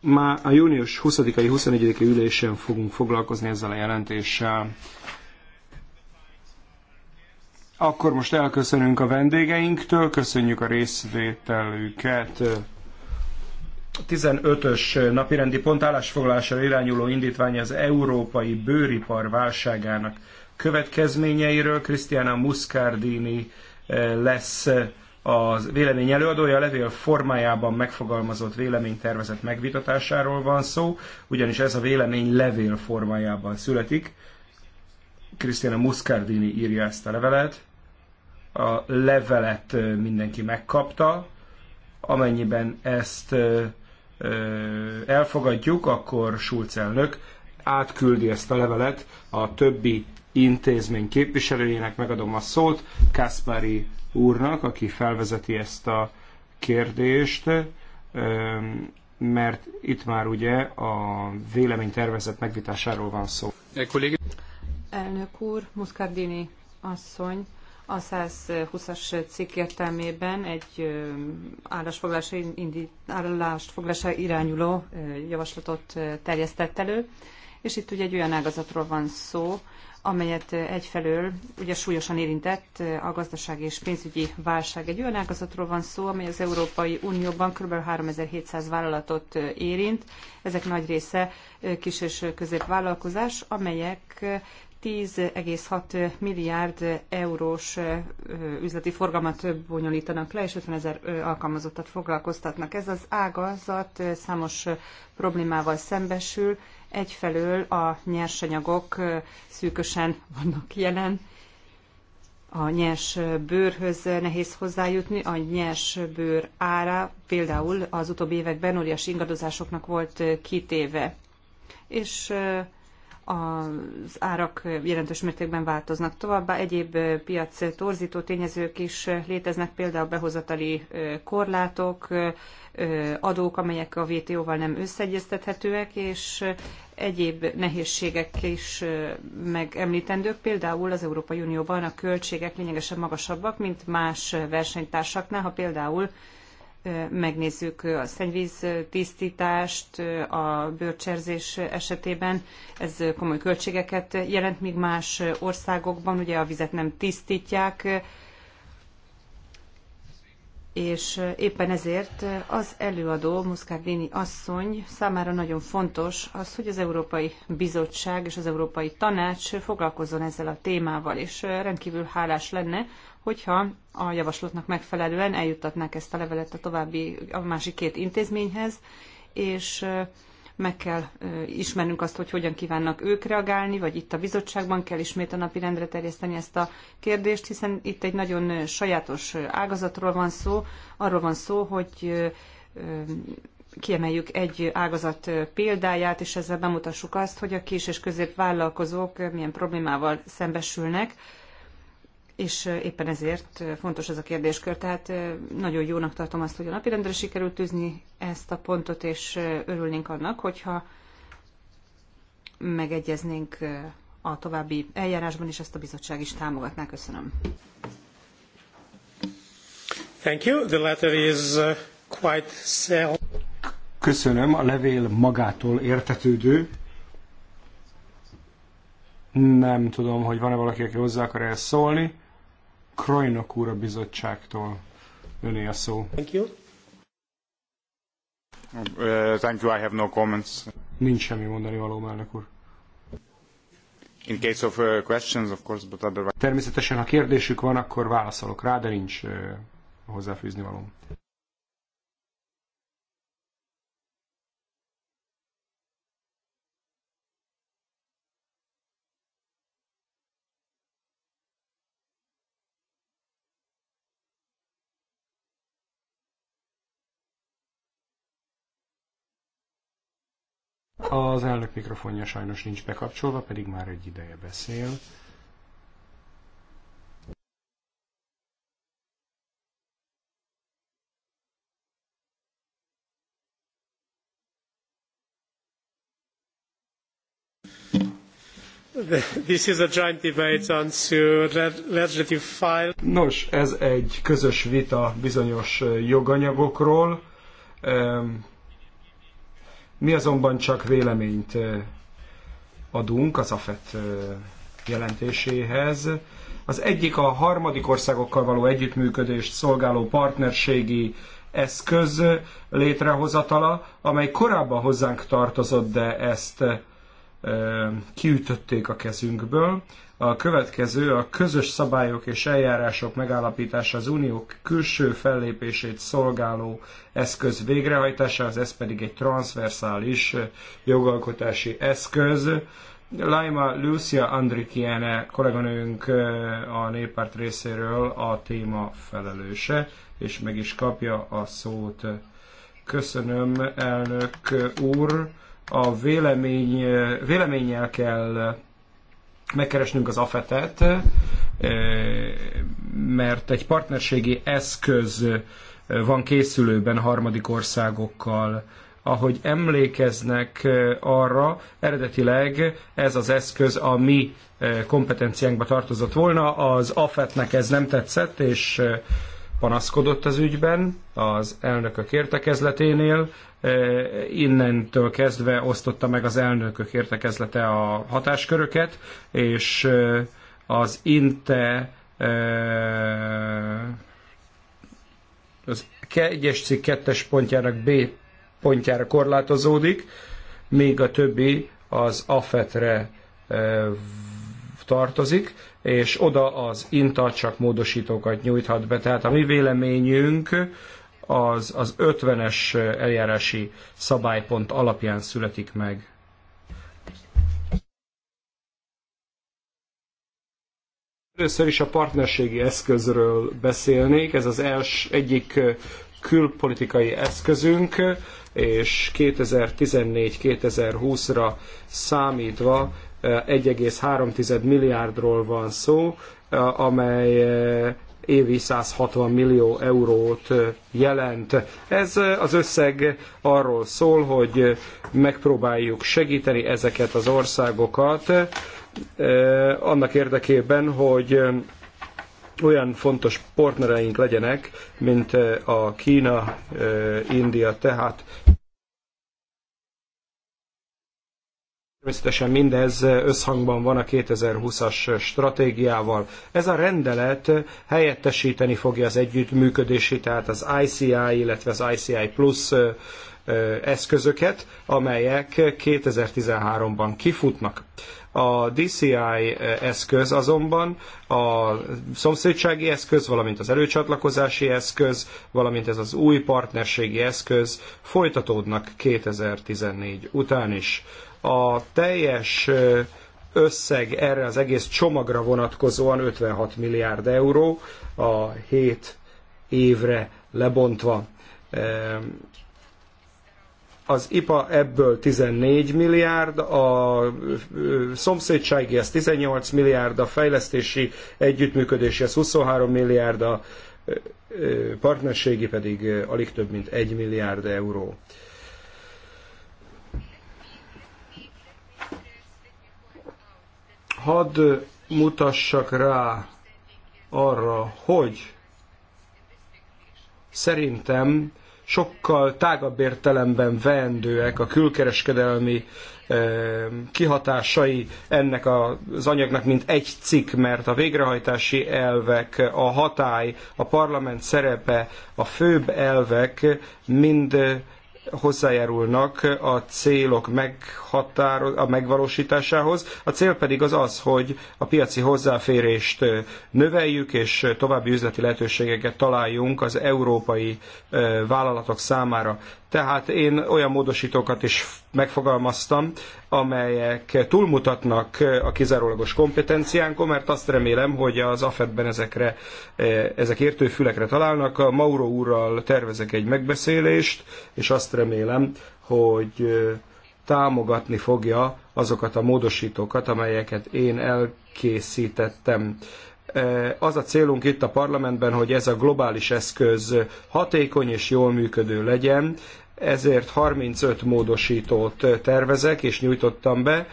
Már a június 20-ai, 21 i ülésen fogunk foglalkozni ezzel a jelentéssel. Akkor most elköszönünk a vendégeinktől, köszönjük a részvételüket. 15-ös napirendi pont állásfoglalásra irányuló indítvány az európai bőripar válságának következményeiről. Krisztiána Muscardini eh, lesz a vélemény előadója a levél formájában megfogalmazott véleménytervezet megvitatásáról van szó, ugyanis ez a vélemény levél formájában születik. Krisztiána Muscardini írja ezt a levelet a levelet mindenki megkapta. Amennyiben ezt elfogadjuk, akkor Schulz elnök átküldi ezt a levelet a többi intézmény képviselőjének, megadom a szót, Kaspari úrnak, aki felvezeti ezt a kérdést, mert itt már ugye a véleménytervezet megvitásáról van szó. Elnök úr, Muscardini asszony, a 120-as cikk értelmében egy állásfoglalásra, indi, állásfoglalásra irányuló javaslatot terjesztett elő, és itt ugye egy olyan ágazatról van szó, amelyet egyfelől ugye súlyosan érintett a gazdasági és pénzügyi válság. Egy olyan ágazatról van szó, amely az Európai Unióban kb. 3700 vállalatot érint. Ezek nagy része kis és középvállalkozás, amelyek 10,6 milliárd eurós üzleti forgalmat bonyolítanak le, és 50 ezer alkalmazottat foglalkoztatnak. Ez az ágazat számos problémával szembesül. Egyfelől a nyersanyagok szűkösen vannak jelen, a nyers bőrhöz nehéz hozzájutni, a nyers bőr ára például az utóbbi években óriási ingadozásoknak volt kitéve. És az árak jelentős mértékben változnak. Továbbá egyéb piac torzító tényezők is léteznek, például behozatali korlátok, adók, amelyek a vto val nem összeegyeztethetőek, és egyéb nehézségek is megemlítendők, például az Európai Unióban a költségek lényegesen magasabbak, mint más versenytársaknál, ha például megnézzük a szennyvíz tisztítást a bőrcserzés esetében, ez komoly költségeket jelent, míg más országokban ugye a vizet nem tisztítják, és éppen ezért az előadó Muscardini asszony számára nagyon fontos az, hogy az Európai Bizottság és az Európai Tanács foglalkozzon ezzel a témával, és rendkívül hálás lenne, hogyha a javaslatnak megfelelően eljuttatnák ezt a levelet a további, a másik két intézményhez, és meg kell ismernünk azt, hogy hogyan kívánnak ők reagálni, vagy itt a bizottságban kell ismét a napi rendre terjeszteni ezt a kérdést, hiszen itt egy nagyon sajátos ágazatról van szó, arról van szó, hogy kiemeljük egy ágazat példáját, és ezzel bemutassuk azt, hogy a kis és középvállalkozók milyen problémával szembesülnek, és éppen ezért fontos ez a kérdéskör. Tehát nagyon jónak tartom azt, hogy a napirendre sikerült tűzni ezt a pontot, és örülnénk annak, hogyha megegyeznénk a további eljárásban, és ezt a bizottság is támogatná. Köszönöm. Thank you. The letter is uh, quite sell. Köszönöm, a levél magától értetődő. Nem tudom, hogy van-e valaki, aki hozzá akar ezt szólni. Krajnok úr a bizottságtól. Öné a szó. Thank you. Uh, thank you, I have no comments. Nincs semmi mondani való, elnök úr. In case of uh, questions, of course, but otherwise... Természetesen, ha kérdésük van, akkor válaszolok rá, de nincs uh, hozzáfűzni való. Az elnök mikrofonja sajnos nincs bekapcsolva, pedig már egy ideje beszél. This is a joint debate on legislative file. Nos, ez egy közös vita bizonyos joganyagokról. Mi azonban csak véleményt adunk az AFET jelentéséhez. Az egyik a harmadik országokkal való együttműködést szolgáló partnerségi eszköz létrehozatala, amely korábban hozzánk tartozott, de ezt kiütötték a kezünkből. A következő a közös szabályok és eljárások megállapítása az unió külső fellépését szolgáló eszköz végrehajtása az ez pedig egy transversális jogalkotási eszköz. Laima Lucia Andrikiene kolléganőnk a néppárt részéről a téma felelőse, és meg is kapja a szót. Köszönöm, elnök úr! a vélemény, véleménnyel kell megkeresnünk az afetet, eh, mert egy partnerségi eszköz van készülőben harmadik országokkal, ahogy emlékeznek eh, arra, eredetileg ez az eszköz a mi eh, kompetenciánkba tartozott volna, az AFET-nek ez nem tetszett, és panaszkodott az ügyben az elnökök értekezleténél. E, innentől kezdve osztotta meg az elnökök értekezlete a hatásköröket, és e, az INTE e, az egyes cikk kettes pontjának B pontjára korlátozódik, még a többi az AFET-re tartozik, és oda az INTA csak módosítókat nyújthat be. Tehát a mi véleményünk az, az 50-es eljárási szabálypont alapján születik meg. Először is a partnerségi eszközről beszélnék, ez az els, egyik külpolitikai eszközünk, és 2014-2020-ra számítva 1,3 milliárdról van szó, amely e, évi 160 millió eurót e, jelent. Ez e, az összeg arról szól, hogy megpróbáljuk segíteni ezeket az országokat annak érdekében, hogy olyan fontos partnereink legyenek, mint a Kína, India, tehát Természetesen mindez összhangban van a 2020-as stratégiával. Ez a rendelet helyettesíteni fogja az együttműködési, tehát az ICI, illetve az ICI Plus eszközöket, amelyek 2013-ban kifutnak. A DCI eszköz azonban a szomszédsági eszköz, valamint az előcsatlakozási eszköz, valamint ez az új partnerségi eszköz folytatódnak 2014 után is. A teljes összeg erre az egész csomagra vonatkozóan 56 milliárd euró a 7 évre lebontva. Az IPA ebből 14 milliárd, a szomszédsági az 18 milliárd, a fejlesztési együttműködési az 23 milliárd, a partnerségi pedig alig több mint 1 milliárd euró. hadd mutassak rá arra, hogy szerintem sokkal tágabb értelemben veendőek a külkereskedelmi eh, kihatásai ennek az anyagnak, mint egy cikk, mert a végrehajtási elvek, a hatály, a parlament szerepe, a főbb elvek mind eh, hozzájárulnak a célok meghatároz, a megvalósításához. A cél pedig az az, hogy a piaci hozzáférést növeljük, és további üzleti lehetőségeket találjunk az európai vállalatok számára. Tehát én olyan módosítókat is megfogalmaztam, amelyek túlmutatnak a kizárólagos kompetenciánkon, mert azt remélem, hogy az AFED-ben ezekre, ezek értőfülekre találnak. A Mauro úrral tervezek egy megbeszélést, és azt remélem, hogy támogatni fogja azokat a módosítókat, amelyeket én elkészítettem. Az a célunk itt a parlamentben, hogy ez a globális eszköz hatékony és jól működő legyen, ezért 35 módosítót tervezek és nyújtottam be.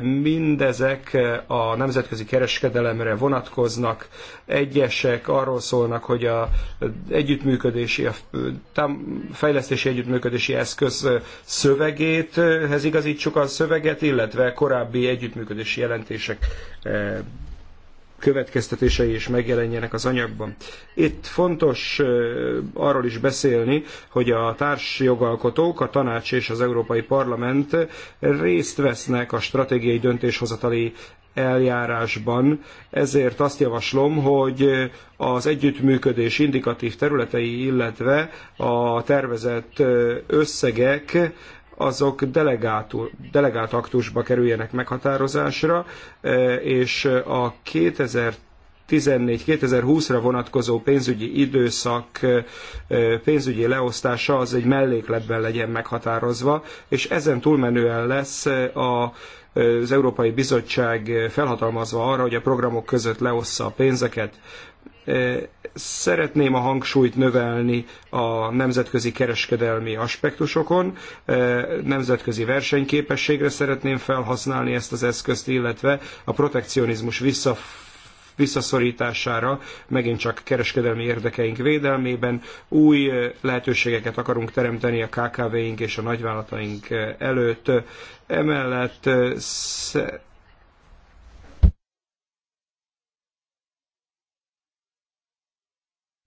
Mindezek a nemzetközi kereskedelemre vonatkoznak. Egyesek arról szólnak, hogy a együttműködési, a fejlesztési együttműködési eszköz szövegét igazítsuk a szöveget, illetve korábbi együttműködési jelentések következtetései is megjelenjenek az anyagban. Itt fontos arról is beszélni, hogy a társjogalkotók, a tanács és az Európai Parlament részt vesznek a stratégiai döntéshozatali eljárásban, ezért azt javaslom, hogy az együttműködés indikatív területei, illetve a tervezett összegek azok delegált aktusba kerüljenek meghatározásra, e, és a 2000 2014-2020-ra vonatkozó pénzügyi időszak e, e, pénzügyi leosztása az egy mellékletben legyen meghatározva, és ezen túlmenően lesz a az Európai Bizottság felhatalmazva arra, hogy a programok között leossza a pénzeket. Szeretném a hangsúlyt növelni a nemzetközi kereskedelmi aspektusokon, nemzetközi versenyképességre szeretném felhasználni ezt az eszközt, illetve a protekcionizmus vissza visszaszorítására, megint csak kereskedelmi érdekeink védelmében. Új lehetőségeket akarunk teremteni a KKV-ink és a nagyvállalataink előtt. Emellett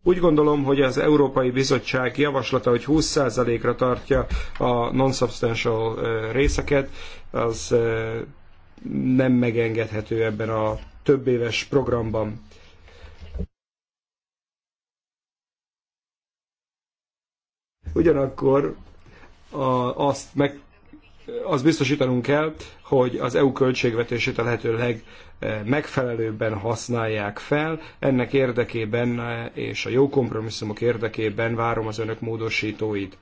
Úgy gondolom, hogy az Európai Bizottság javaslata, hogy 20%-ra tartja a non-substantial részeket, az nem megengedhető ebben a több éves programban. Ugyanakkor a, azt meg az biztosítanunk kell, hogy az EU költségvetését a lehető legmegfelelőbben használják fel. Ennek érdekében és a jó kompromisszumok érdekében várom az önök módosítóit.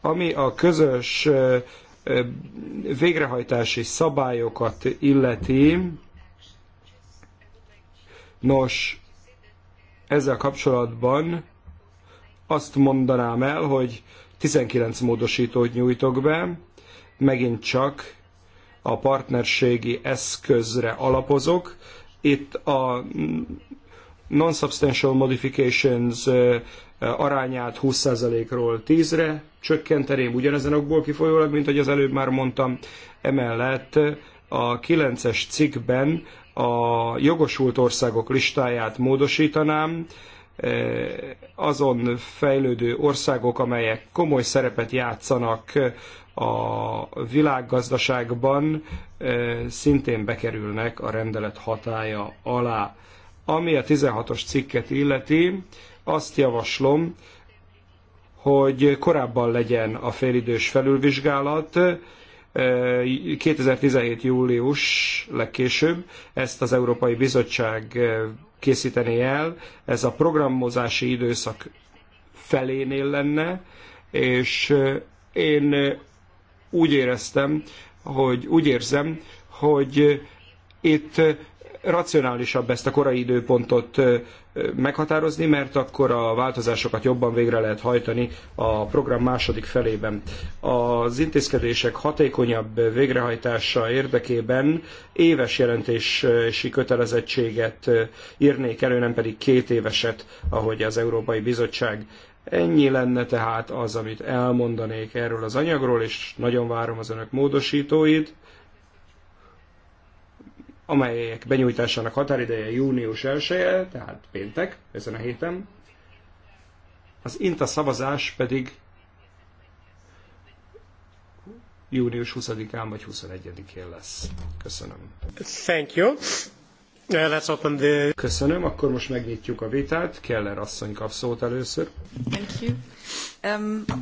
Ami a közös végrehajtási szabályokat illeti, nos, ezzel kapcsolatban azt mondanám el, hogy 19 módosítót nyújtok be, megint csak a partnerségi eszközre alapozok. Itt a non-substantial modifications arányát 20%-ról 10-re csökkenteném ugyanezen okból kifolyólag, mint ahogy az előbb már mondtam. Emellett a 9-es cikkben a jogosult országok listáját módosítanám, azon fejlődő országok, amelyek komoly szerepet játszanak a világgazdaságban eh, szintén bekerülnek a rendelet hatája alá. Ami a 16-os cikket illeti, azt javaslom, hogy korábban legyen a félidős felülvizsgálat, 2017. Eh, július legkésőbb ezt az Európai Bizottság eh, készíteni el. Ez a programozási időszak felénél lenne, és én úgy éreztem, hogy úgy érzem, hogy itt racionálisabb ezt a korai időpontot meghatározni, mert akkor a változásokat jobban végre lehet hajtani a program második felében. Az intézkedések hatékonyabb végrehajtása érdekében éves jelentési kötelezettséget írnék elő, nem pedig két éveset, ahogy az Európai Bizottság Ennyi lenne tehát az, amit elmondanék erről az anyagról, és nagyon várom az önök módosítóit, amelyek benyújtásának határideje június 1 -e, tehát péntek, ezen a héten. Az INTA szavazás pedig június 20-án vagy 21-én lesz. Köszönöm. Thank you. Let's open the... Köszönöm, akkor most megnyitjuk a vitát. Keller asszony kap szót először. Thank you. Um, I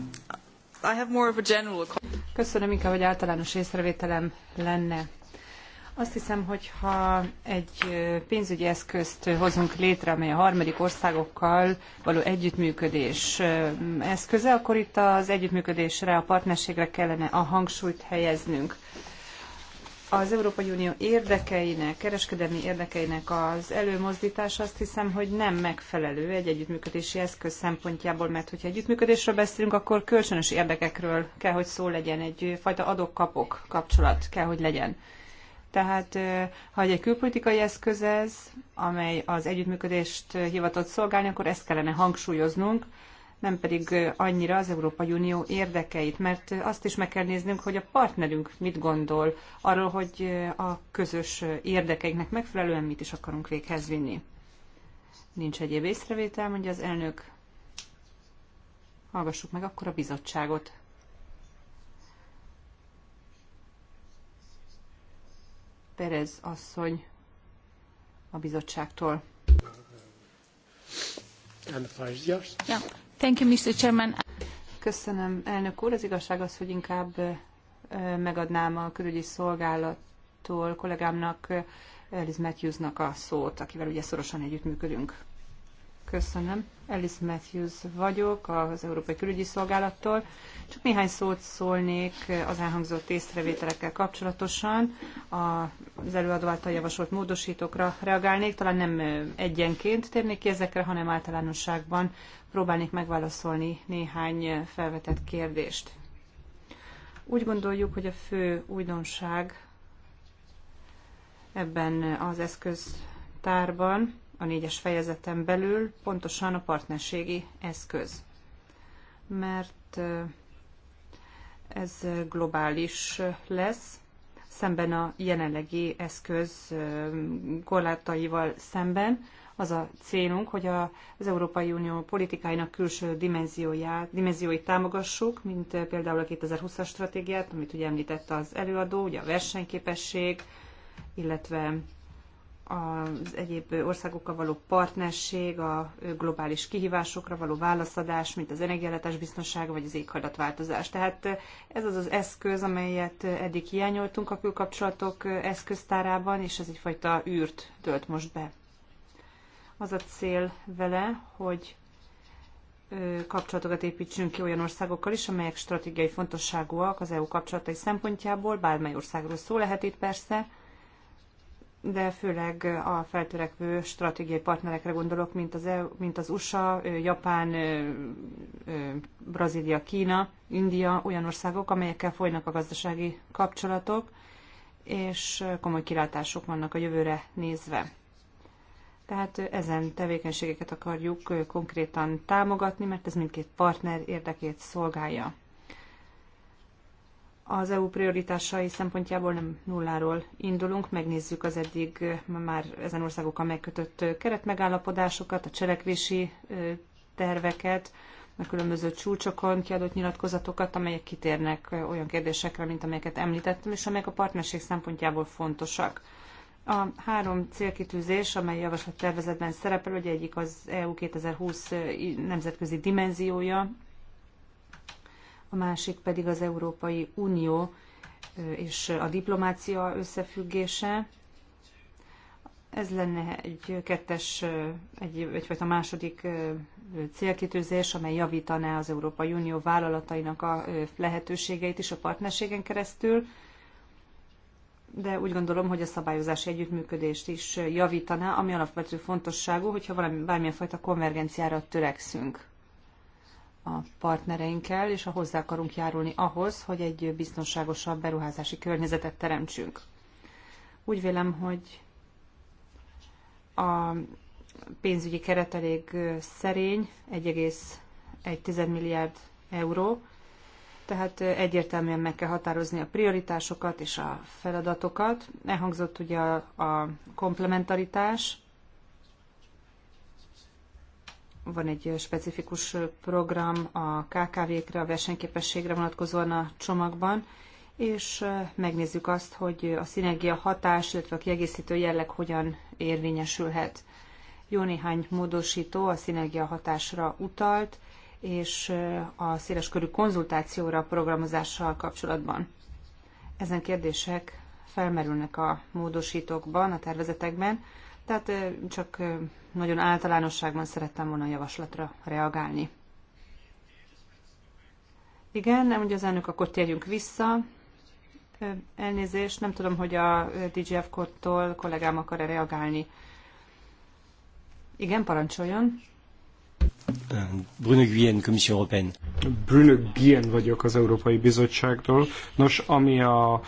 have more of a general... Köszönöm, inkább, egy általános észrevételem lenne. Azt hiszem, hogy ha egy pénzügyi eszközt hozunk létre, amely a harmadik országokkal való együttműködés eszköze, akkor itt az együttműködésre, a partnerségre kellene a hangsúlyt helyeznünk az Európai Unió érdekeinek, kereskedelmi érdekeinek az előmozdítás azt hiszem, hogy nem megfelelő egy együttműködési eszköz szempontjából, mert hogyha együttműködésről beszélünk, akkor kölcsönös érdekekről kell, hogy szó legyen, egyfajta adok-kapok kapcsolat kell, hogy legyen. Tehát ha egy külpolitikai eszköz ez, amely az együttműködést hivatott szolgálni, akkor ezt kellene hangsúlyoznunk, nem pedig annyira az Európai Unió érdekeit, mert azt is meg kell néznünk, hogy a partnerünk mit gondol arról, hogy a közös érdekeinknek megfelelően mit is akarunk véghez vinni. Nincs egyéb észrevétel, mondja az elnök. Hallgassuk meg akkor a bizottságot. Perez asszony a bizottságtól. And the fire is yours. Yeah. Thank you, Mr. Chairman. Köszönöm, elnök úr. Az igazság az, hogy inkább megadnám a külügyi szolgálattól kollégámnak, Liz Matthewsnak a szót, akivel ugye szorosan együttműködünk. Köszönöm. Alice Matthews vagyok, az Európai Külügyi Szolgálattól. Csak néhány szót szólnék az elhangzott észrevételekkel kapcsolatosan. Az előadó által javasolt módosítókra reagálnék, talán nem egyenként térnék ki ezekre, hanem általánosságban próbálnék megválaszolni néhány felvetett kérdést. Úgy gondoljuk, hogy a fő újdonság ebben az eszköztárban a négyes fejezeten belül, pontosan a partnerségi eszköz. Mert ez globális lesz, szemben a jelenlegi eszköz korlátaival szemben. Az a célunk, hogy az Európai Unió politikáinak külső dimenzióját, dimenzióit támogassuk, mint például a 2020-as stratégiát, amit ugye említett az előadó, ugye a versenyképesség, illetve az egyéb országokkal való partnerség, a globális kihívásokra való válaszadás, mint az energiállátás biztonsága vagy az éghajlatváltozás. Tehát ez az az eszköz, amelyet eddig hiányoltunk a külkapcsolatok eszköztárában, és ez egyfajta űrt tölt most be. Az a cél vele, hogy kapcsolatokat építsünk ki olyan országokkal is, amelyek stratégiai fontosságúak az EU kapcsolatai szempontjából, bármely országról szó lehet itt persze, de főleg a feltörekvő stratégiai partnerekre gondolok, mint az, EU, mint az USA, Japán, Brazília, Kína, India, olyan országok, amelyekkel folynak a gazdasági kapcsolatok, és komoly kilátások vannak a jövőre nézve. Tehát ezen tevékenységeket akarjuk konkrétan támogatni, mert ez mindkét partner érdekét szolgálja. Az EU prioritásai szempontjából nem nulláról indulunk, megnézzük az eddig már ezen országokkal megkötött keretmegállapodásokat, a cselekvési terveket, a különböző csúcsokon kiadott nyilatkozatokat, amelyek kitérnek olyan kérdésekre, mint amelyeket említettem, és amelyek a partnerség szempontjából fontosak. A három célkitűzés, amely javaslat tervezetben szerepel, ugye egyik az EU 2020 nemzetközi dimenziója, a másik pedig az Európai Unió és a diplomácia összefüggése. Ez lenne egy kettes, egy, egyfajta második célkitűzés, amely javítaná az Európai Unió vállalatainak a lehetőségeit is a partnerségen keresztül, de úgy gondolom, hogy a szabályozási együttműködést is javítaná, ami alapvető fontosságú, hogyha valami, bármilyen fajta konvergenciára törekszünk a partnereinkkel, és a hozzá akarunk járulni ahhoz, hogy egy biztonságosabb beruházási környezetet teremtsünk. Úgy vélem, hogy a pénzügyi keret elég szerény, 1,1 milliárd euró, tehát egyértelműen meg kell határozni a prioritásokat és a feladatokat. Elhangzott ugye a, a komplementaritás, van egy specifikus program a KKV-kre, a versenyképességre vonatkozóan a csomagban, és megnézzük azt, hogy a szinergia hatás, illetve a kiegészítő jelleg hogyan érvényesülhet. Jó néhány módosító a szinergia hatásra utalt, és a széleskörű konzultációra a programozással kapcsolatban. Ezen kérdések felmerülnek a módosítókban, a tervezetekben, tehát csak nagyon általánosságban szerettem volna a javaslatra reagálni. Igen, nem ugye az elnök, akkor térjünk vissza. Elnézést, nem tudom, hogy a dgf kottól kollégám akar-e reagálni. Igen, parancsoljon. Bruno Guyen, Commission Européenne. Bruno Guyen vagyok az Európai Bizottságtól. Nos, ami a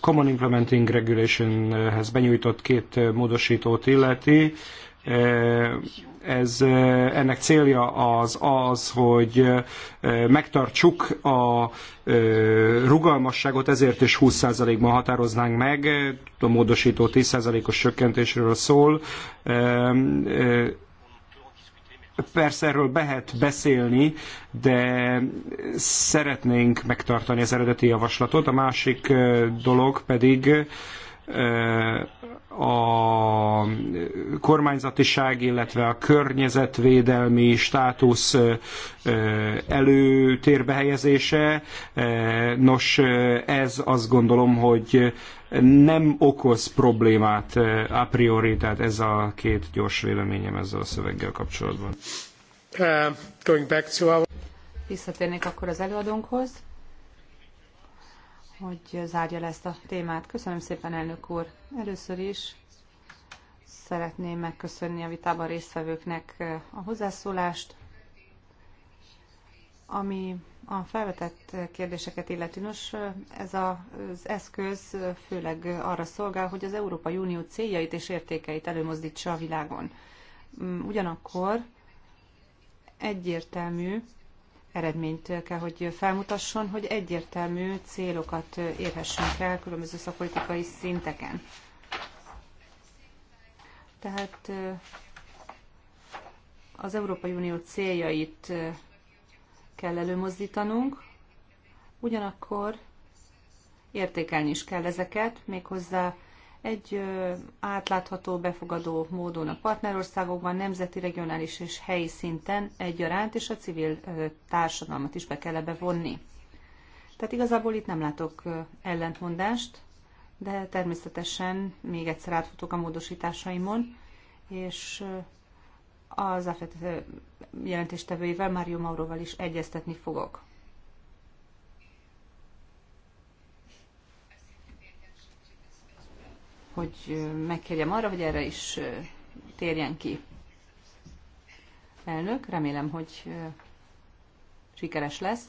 Common Implementing Regulationhez benyújtott két módosítót illeti, ez, ennek célja az az, hogy megtartsuk a rugalmasságot, ezért is 20%-ban határoznánk meg, a módosító 10%-os csökkentésről szól Persze erről lehet beszélni, de szeretnénk megtartani az eredeti javaslatot. A másik dolog pedig a kormányzatiság, illetve a környezetvédelmi státusz előtérbe helyezése. Nos, ez azt gondolom, hogy nem okoz problémát a priori, tehát ez a két gyors véleményem ezzel a szöveggel kapcsolatban. Uh, going back to our... Visszatérnék akkor az előadónkhoz hogy zárja le ezt a témát. Köszönöm szépen, elnök úr. Először is szeretném megköszönni a vitában résztvevőknek eh, a hozzászólást, ami a felvetett kérdéseket illeti. Nos, eh, ez az eszköz eh, főleg arra szolgál, hogy az Európai Unió céljait és értékeit előmozdítsa a világon. Mm, ugyanakkor egyértelmű, eredményt kell, hogy felmutasson, hogy egyértelmű célokat érhessünk el különböző szakpolitikai szinteken. Tehát az Európai Unió céljait kell előmozdítanunk, ugyanakkor értékelni is kell ezeket, méghozzá egy átlátható, befogadó módon a partnerországokban, nemzeti, regionális és helyi szinten egyaránt, és a civil társadalmat is be kell ebbe vonni. Tehát igazából itt nem látok ellentmondást, de természetesen még egyszer átfutok a módosításaimon, és az AFET jelentéstevőivel Mário Mauroval is egyeztetni fogok. hogy megkérjem arra, hogy erre is térjen ki. Elnök, remélem, hogy sikeres lesz.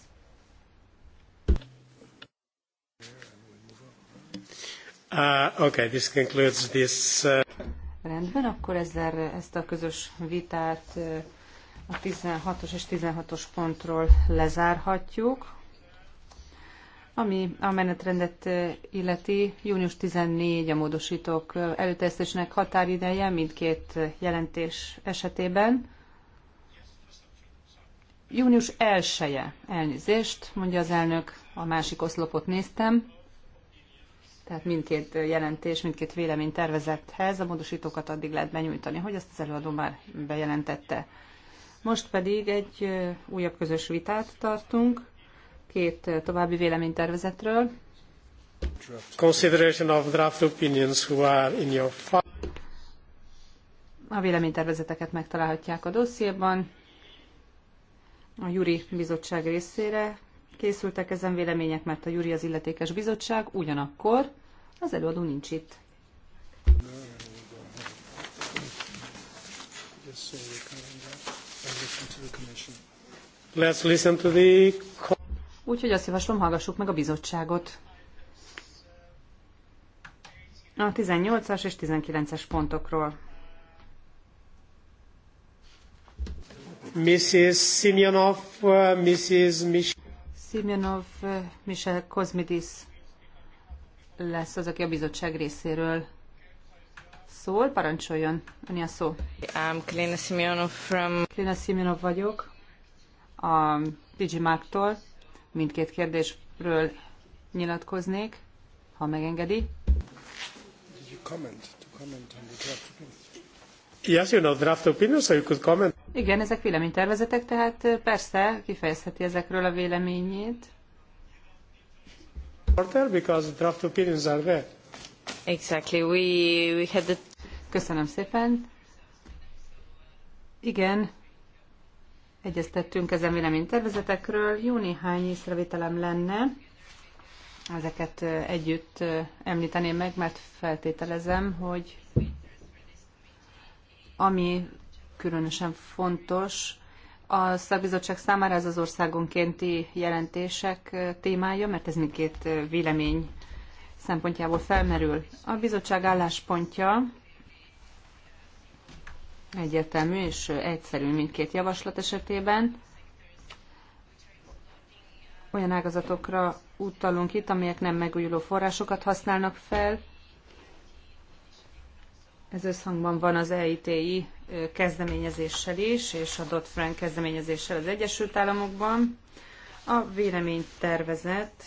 Uh, okay, this concludes this, uh... Rendben, akkor ezzel ezt a közös vitát a 16-os és 16-os pontról lezárhatjuk. Ami a menetrendet illeti, június 14 a módosítók előterjesztésnek határideje mindkét jelentés esetében. Június 1-e elnézést, mondja az elnök, a másik oszlopot néztem. Tehát mindkét jelentés, mindkét vélemény tervezethez a módosítókat addig lehet benyújtani, hogy azt az előadó már bejelentette. Most pedig egy újabb közös vitát tartunk két további véleménytervezetről. Consideration of draft opinions who are in your a véleménytervezeteket megtalálhatják a dossziéban. A Juri bizottság részére készültek ezen vélemények, mert a Juri az illetékes bizottság, ugyanakkor az előadó nincs itt. Let's listen to the Úgyhogy azt javaslom, hallgassuk meg a bizottságot. A 18-as és 19-es pontokról. Mrs. uh, Mrs. Mich- uh, Michel Kozmidis lesz az, aki a bizottság részéről szól. Parancsoljon, anya a szó. I'm Klina Simeonov from... Klina Simeonov vagyok, a Digimarktól. Mindkét kérdésről nyilatkoznék, ha megengedi. Yes, you know, draft opinion, so you could Igen, ezek véleménytervezetek, tehát persze kifejezheti ezekről a véleményét. Because draft opinions are there. Exactly. We, we had the... Köszönöm szépen. Igen, egyeztettünk ezen véleménytervezetekről. Jó néhány észrevételem lenne, ezeket együtt említeném meg, mert feltételezem, hogy ami különösen fontos, a szakbizottság számára ez az országonkénti jelentések témája, mert ez mindkét vélemény szempontjából felmerül. A bizottság álláspontja Egyértelmű és egyszerű mindkét javaslat esetében. Olyan ágazatokra utalunk itt, amelyek nem megújuló forrásokat használnak fel. Ez összhangban van az EITI kezdeményezéssel is, és a Dodd-Frank kezdeményezéssel az Egyesült Államokban. A véleménytervezet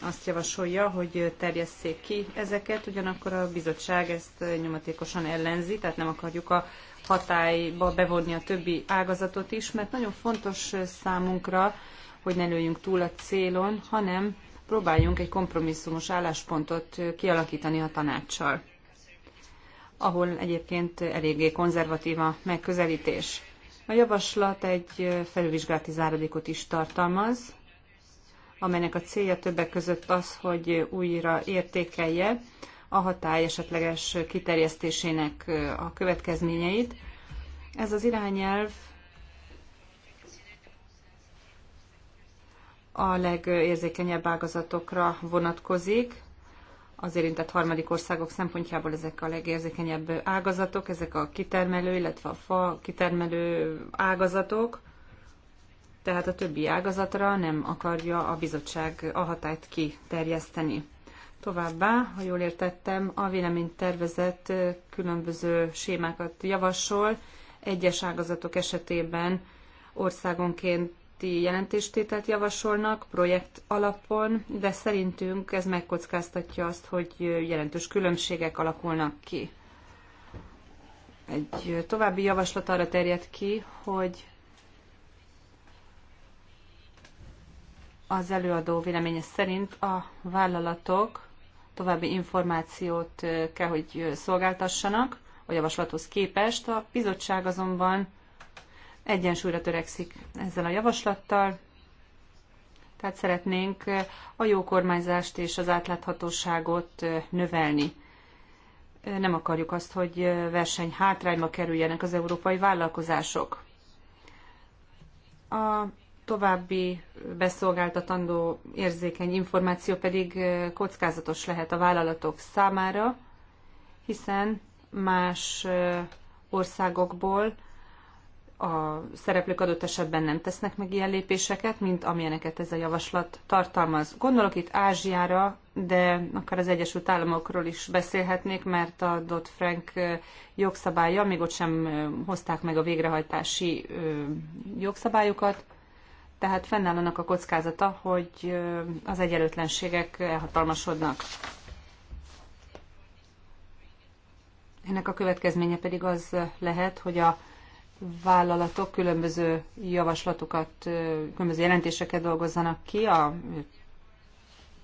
azt javasolja, hogy terjesszék ki ezeket, ugyanakkor a bizottság ezt nyomatékosan ellenzi, tehát nem akarjuk a hatályba bevonni a többi ágazatot is, mert nagyon fontos számunkra, hogy ne lőjünk túl a célon, hanem próbáljunk egy kompromisszumos álláspontot kialakítani a tanácssal, ahol egyébként eléggé konzervatív a megközelítés. A javaslat egy felülvizsgálati záradékot is tartalmaz, amelynek a célja többek között az, hogy újra értékelje a hatály esetleges kiterjesztésének a következményeit. Ez az irányelv a legérzékenyebb ágazatokra vonatkozik. Az érintett harmadik országok szempontjából ezek a legérzékenyebb ágazatok, ezek a kitermelő, illetve a fa kitermelő ágazatok, tehát a többi ágazatra nem akarja a bizottság a hatályt kiterjeszteni. Továbbá, ha jól értettem, a tervezett különböző sémákat javasol, egyes ágazatok esetében országonkénti jelentéstételt javasolnak projekt alapon, de szerintünk ez megkockáztatja azt, hogy jelentős különbségek alakulnak ki. Egy további javaslat arra terjed ki, hogy az előadó véleménye szerint a vállalatok további információt kell, hogy szolgáltassanak a javaslathoz képest. A bizottság azonban egyensúlyra törekszik ezzel a javaslattal, tehát szeretnénk a jó kormányzást és az átláthatóságot növelni. Nem akarjuk azt, hogy verseny hátrányba kerüljenek az európai vállalkozások. A további beszolgáltatandó érzékeny információ pedig kockázatos lehet a vállalatok számára, hiszen más országokból a szereplők adott esetben nem tesznek meg ilyen lépéseket, mint amilyeneket ez a javaslat tartalmaz. Gondolok itt Ázsiára, de akár az Egyesült Államokról is beszélhetnék, mert a Dodd-Frank jogszabálya, még ott sem hozták meg a végrehajtási jogszabályokat, tehát fennáll annak a kockázata, hogy az egyenlőtlenségek elhatalmasodnak. Ennek a következménye pedig az lehet, hogy a vállalatok különböző javaslatokat, különböző jelentéseket dolgozzanak ki, a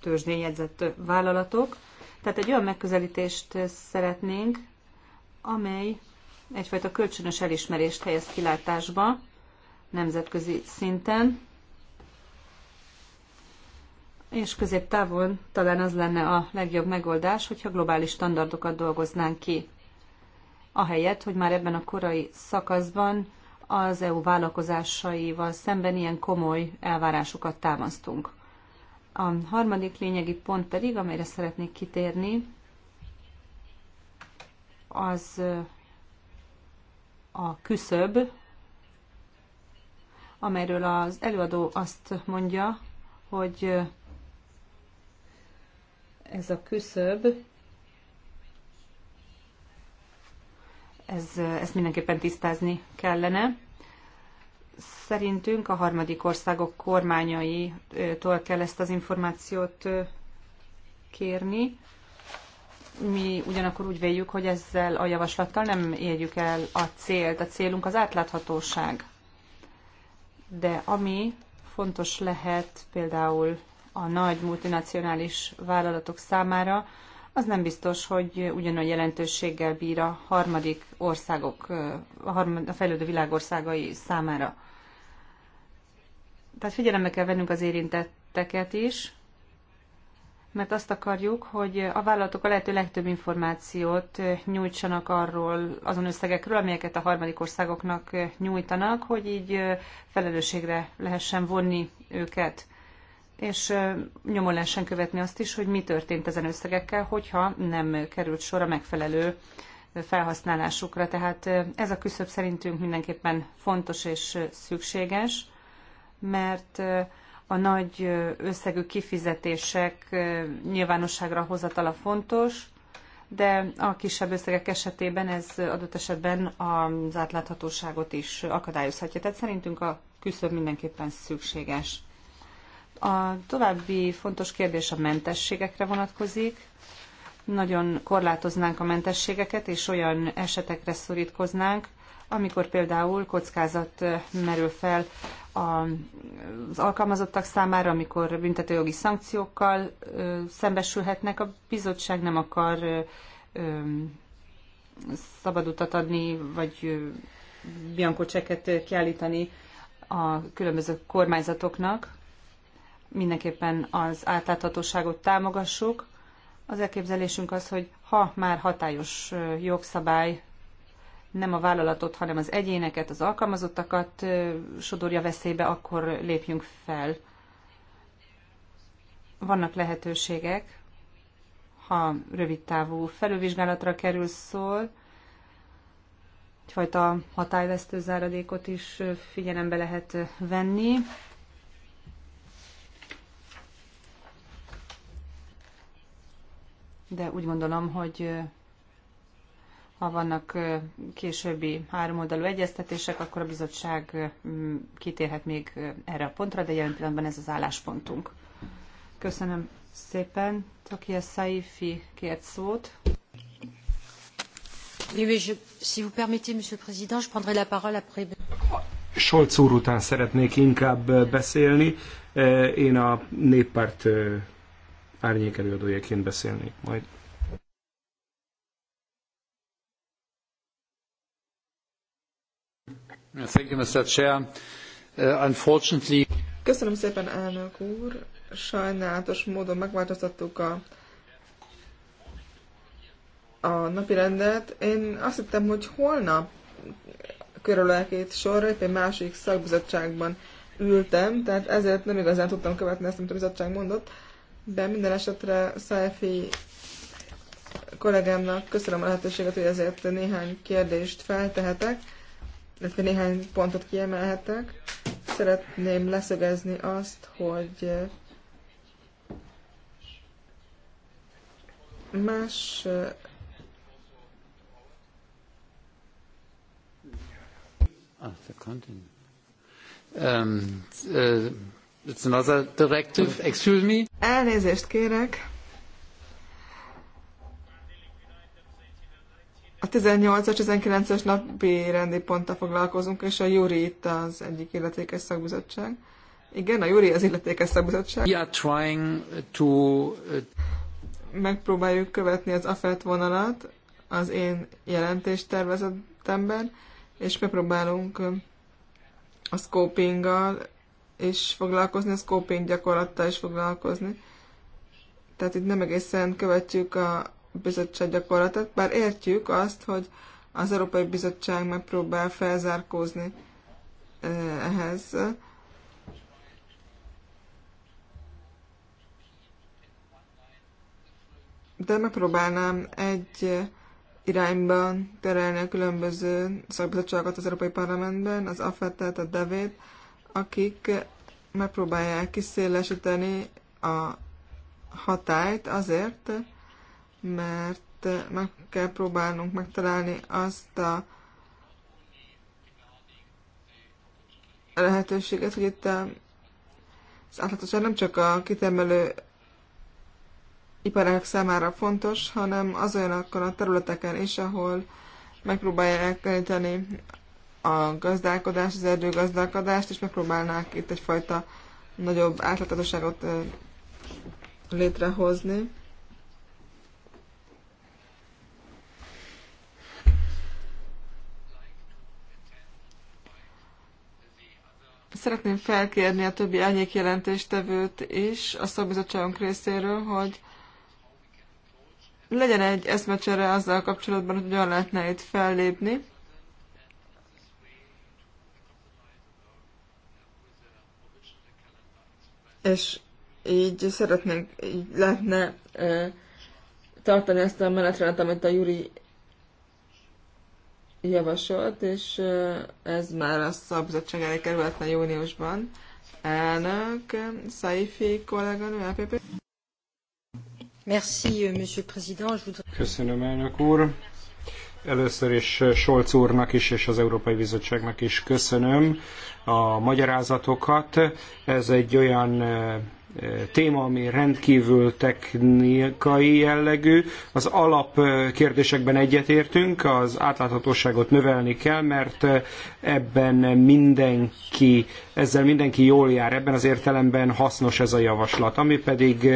törzsdényjegyzett vállalatok. Tehát egy olyan megközelítést szeretnénk, amely egyfajta kölcsönös elismerést helyez kilátásba, nemzetközi szinten. És középtávon talán az lenne a legjobb megoldás, hogyha globális standardokat dolgoznánk ki. Ahelyett, hogy már ebben a korai szakaszban az EU vállalkozásaival szemben ilyen komoly elvárásokat támasztunk. A harmadik lényegi pont pedig, amelyre szeretnék kitérni, az a küszöb, amelyről az előadó azt mondja, hogy ez a küszöb, ez, ezt mindenképpen tisztázni kellene. Szerintünk a harmadik országok kormányaitól kell ezt az információt kérni. Mi ugyanakkor úgy véljük, hogy ezzel a javaslattal nem érjük el a célt. A célunk az átláthatóság de ami fontos lehet például a nagy multinacionális vállalatok számára, az nem biztos, hogy ugyanolyan jelentőséggel bír a harmadik országok, a fejlődő világ országai számára. Tehát figyelembe kell vennünk az érintetteket is, mert azt akarjuk, hogy a vállalatok a lehető legtöbb információt nyújtsanak arról azon összegekről, amelyeket a harmadik országoknak nyújtanak, hogy így felelősségre lehessen vonni őket és nyomon lehessen követni azt is, hogy mi történt ezen összegekkel, hogyha nem került sor a megfelelő felhasználásukra. Tehát ez a küszöb szerintünk mindenképpen fontos és szükséges, mert a nagy összegű kifizetések nyilvánosságra hozatala fontos, de a kisebb összegek esetében ez adott esetben az átláthatóságot is akadályozhatja. Tehát szerintünk a küszöb mindenképpen szükséges. A további fontos kérdés a mentességekre vonatkozik. Nagyon korlátoznánk a mentességeket, és olyan esetekre szorítkoznánk, amikor például kockázat merül fel az alkalmazottak számára, amikor büntetőjogi szankciókkal szembesülhetnek, a bizottság nem akar szabadutat adni, vagy biankocseket kiállítani a különböző kormányzatoknak. Mindenképpen az átláthatóságot támogassuk. Az elképzelésünk az, hogy ha már hatályos jogszabály nem a vállalatot, hanem az egyéneket, az alkalmazottakat sodorja veszélybe, akkor lépjünk fel. Vannak lehetőségek, ha rövid távú felülvizsgálatra kerül szól, egyfajta hatályvesztő záradékot is figyelembe lehet venni. De úgy gondolom, hogy ha vannak későbbi háromoldalú egyeztetések, akkor a bizottság kitérhet még erre a pontra, de jelen pillanatban ez az álláspontunk. Köszönöm szépen. Tokia Saifi kért szót. Scholz úr után szeretnék inkább beszélni. Én a néppárt árnyékelőadójaként beszélnék majd. Uh, köszönöm szépen, elnök úr. Sajnálatos módon megváltoztattuk a a napi rendet. Én azt hittem, hogy holnap körülök itt sorra, épp egy másik szakbizottságban ültem, tehát ezért nem igazán tudtam követni ezt, amit a bizottság mondott, de minden esetre Szájfi kollégámnak köszönöm a lehetőséget, hogy ezért néhány kérdést feltehetek illetve néhány pontot kiemelhetek. Szeretném leszögezni azt, hogy eh, más eh, Ah, the content. Um, uh, it's another directive. Excuse me. Elnézést kérek. A 18-19-es napi rendi ponttal foglalkozunk, és a Juri itt az egyik illetékes szakbizottság. Igen, a Juri az illetékes szakbizottság. We are trying to... Uh, Megpróbáljuk követni az AFET vonalat az én jelentéstervezetemben, és megpróbálunk uh, a scopinggal és foglalkozni, a scoping gyakorlattal is foglalkozni. Tehát itt nem egészen követjük a bizottság gyakorlatot, bár értjük azt, hogy az Európai Bizottság megpróbál felzárkózni ehhez. De megpróbálnám egy irányban terelni a különböző szakbizottságokat az Európai Parlamentben, az AFET-et, a DEVét, akik megpróbálják kiszélesíteni a hatályt azért, mert meg kell próbálnunk megtalálni azt a lehetőséget, hogy itt az átláthatóság nem csak a kitermelő iparák számára fontos, hanem az olyanokon a területeken is, ahol megpróbálják elkeríteni a gazdálkodást, az erdőgazdálkodást, és megpróbálnák itt egyfajta nagyobb átláthatóságot létrehozni. Szeretném felkérni a többi elnyék jelentéstevőt is a szakbizottságunk részéről, hogy legyen egy eszmecsere azzal kapcsolatban, hogy hogyan lehetne itt fellépni. És így szeretnénk, így lehetne ö, tartani ezt a menetrendet, amit a Juri javasolt, és ez már a szabadság elé kerülhetne júniusban. Elnök, Saifi kolléganő, LPP. Merci, Monsieur le Président. Köszönöm, elnök úr. Először is Solc úrnak is és az Európai Bizottságnak is köszönöm a magyarázatokat. Ez egy olyan téma, ami rendkívül technikai jellegű. Az alap kérdésekben egyetértünk, az átláthatóságot növelni kell, mert ebben mindenki, ezzel mindenki jól jár, ebben az értelemben hasznos ez a javaslat. Ami pedig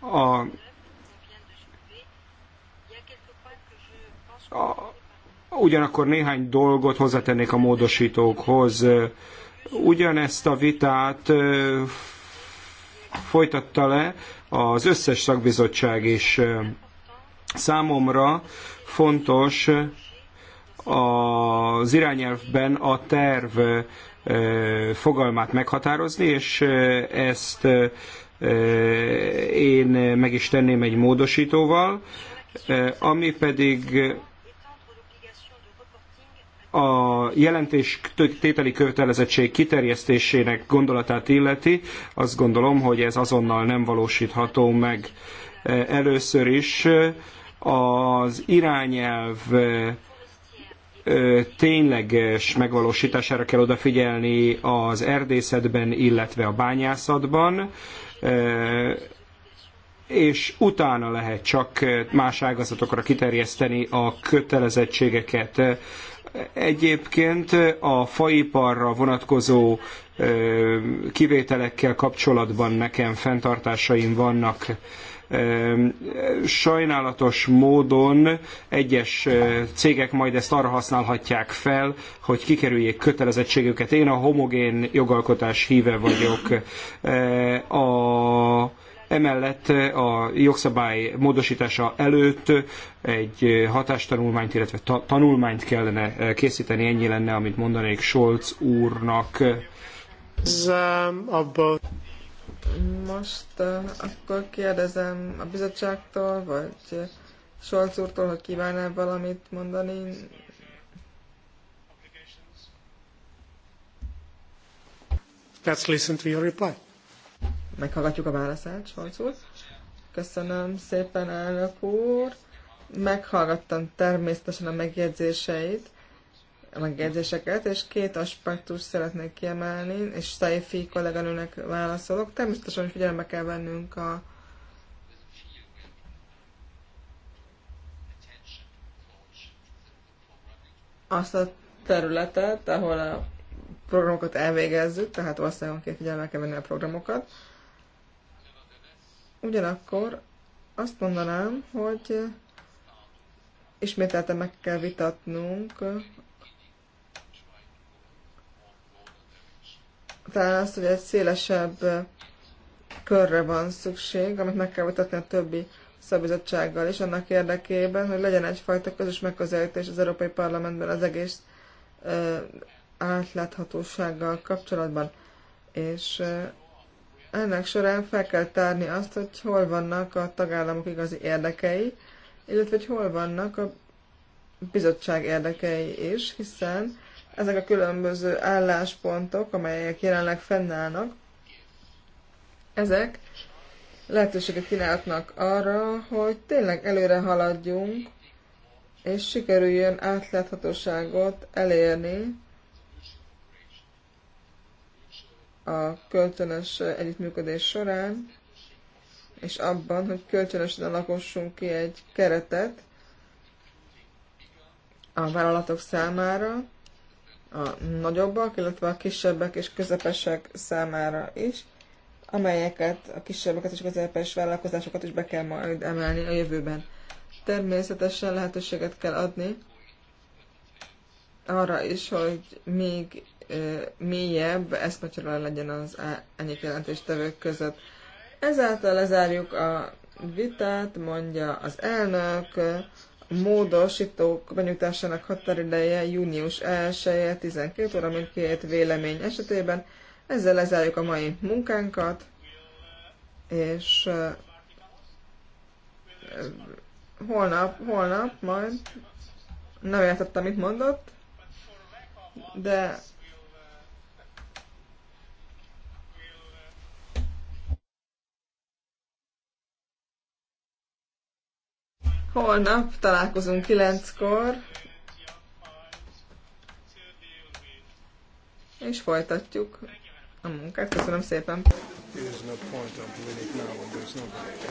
a, a ugyanakkor néhány dolgot hozzátennék a módosítókhoz. Ugyanezt a vitát folytatta le az összes szakbizottság is. Számomra fontos az irányelvben a terv fogalmát meghatározni, és ezt én meg is tenném egy módosítóval, ami pedig a jelentés tételi kötelezettség kiterjesztésének gondolatát illeti, azt gondolom, hogy ez azonnal nem valósítható meg. E, először is e, az irányelv e, tényleges megvalósítására kell odafigyelni az erdészetben, illetve a bányászatban, és utána lehet csak más ágazatokra kiterjeszteni a kötelezettségeket. Egyébként a faiparra vonatkozó kivételekkel kapcsolatban nekem fenntartásaim vannak. Sajnálatos módon egyes cégek majd ezt arra használhatják fel, hogy kikerüljék kötelezettségüket. Én a homogén jogalkotás híve vagyok. A Emellett eh, a jogszabály módosítása előtt egy eh, hatástanulmányt, illetve ta tanulmányt kellene eh, készíteni, ennyi lenne, amit mondanék Scholz úrnak. Most akkor kérdezem a bizottságtól, vagy Scholz úrtól, hogy kíván-e valamit mondani. Let's listen to your reply meghallgatjuk a válaszát, Solcúr. Köszönöm szépen, elnök úr. Meghallgattam természetesen a megjegyzéseit, a megjegyzéseket, és két aspektus szeretnék kiemelni, és Saifi kolléganőnek válaszolok. Természetesen figyelembe kell vennünk a azt a területet, ahol a programokat elvégezzük, tehát kell figyelembe kell venni a programokat. Ugyanakkor azt mondanám, hogy ismételten meg kell vitatnunk talán azt, hogy egy szélesebb körre van szükség, amit meg kell vitatni a többi szabizottsággal is, annak érdekében, hogy legyen egyfajta közös megközelítés az Európai Parlamentben az egész átláthatósággal kapcsolatban. És ennek során fel kell tárni azt, hogy hol vannak a tagállamok igazi érdekei, illetve hogy hol vannak a bizottság érdekei is, hiszen ezek a különböző álláspontok, amelyek jelenleg fennállnak, ezek lehetőséget kínálhatnak arra, hogy tényleg előre haladjunk, és sikerüljön átláthatóságot elérni a kölcsönös együttműködés során, és abban, hogy kölcsönösen alakossunk ki egy keretet a vállalatok számára, a nagyobbak, illetve a kisebbek és közepesek számára is, amelyeket a kisebbeket és közepes vállalkozásokat is be kell majd emelni a jövőben. Természetesen lehetőséget kell adni arra is, hogy még mélyebb eszmecsere legyen az e- enyik jelentéstevők között. Ezáltal lezárjuk a vitát, mondja az elnök, módosítók benyújtásának határideje június 1-e 12 óra mindkét vélemény esetében. Ezzel lezárjuk a mai munkánkat, és holnap, holnap majd, nem értettem, mit mondott, de Holnap találkozunk kilenckor, és folytatjuk a munkát. Köszönöm szépen!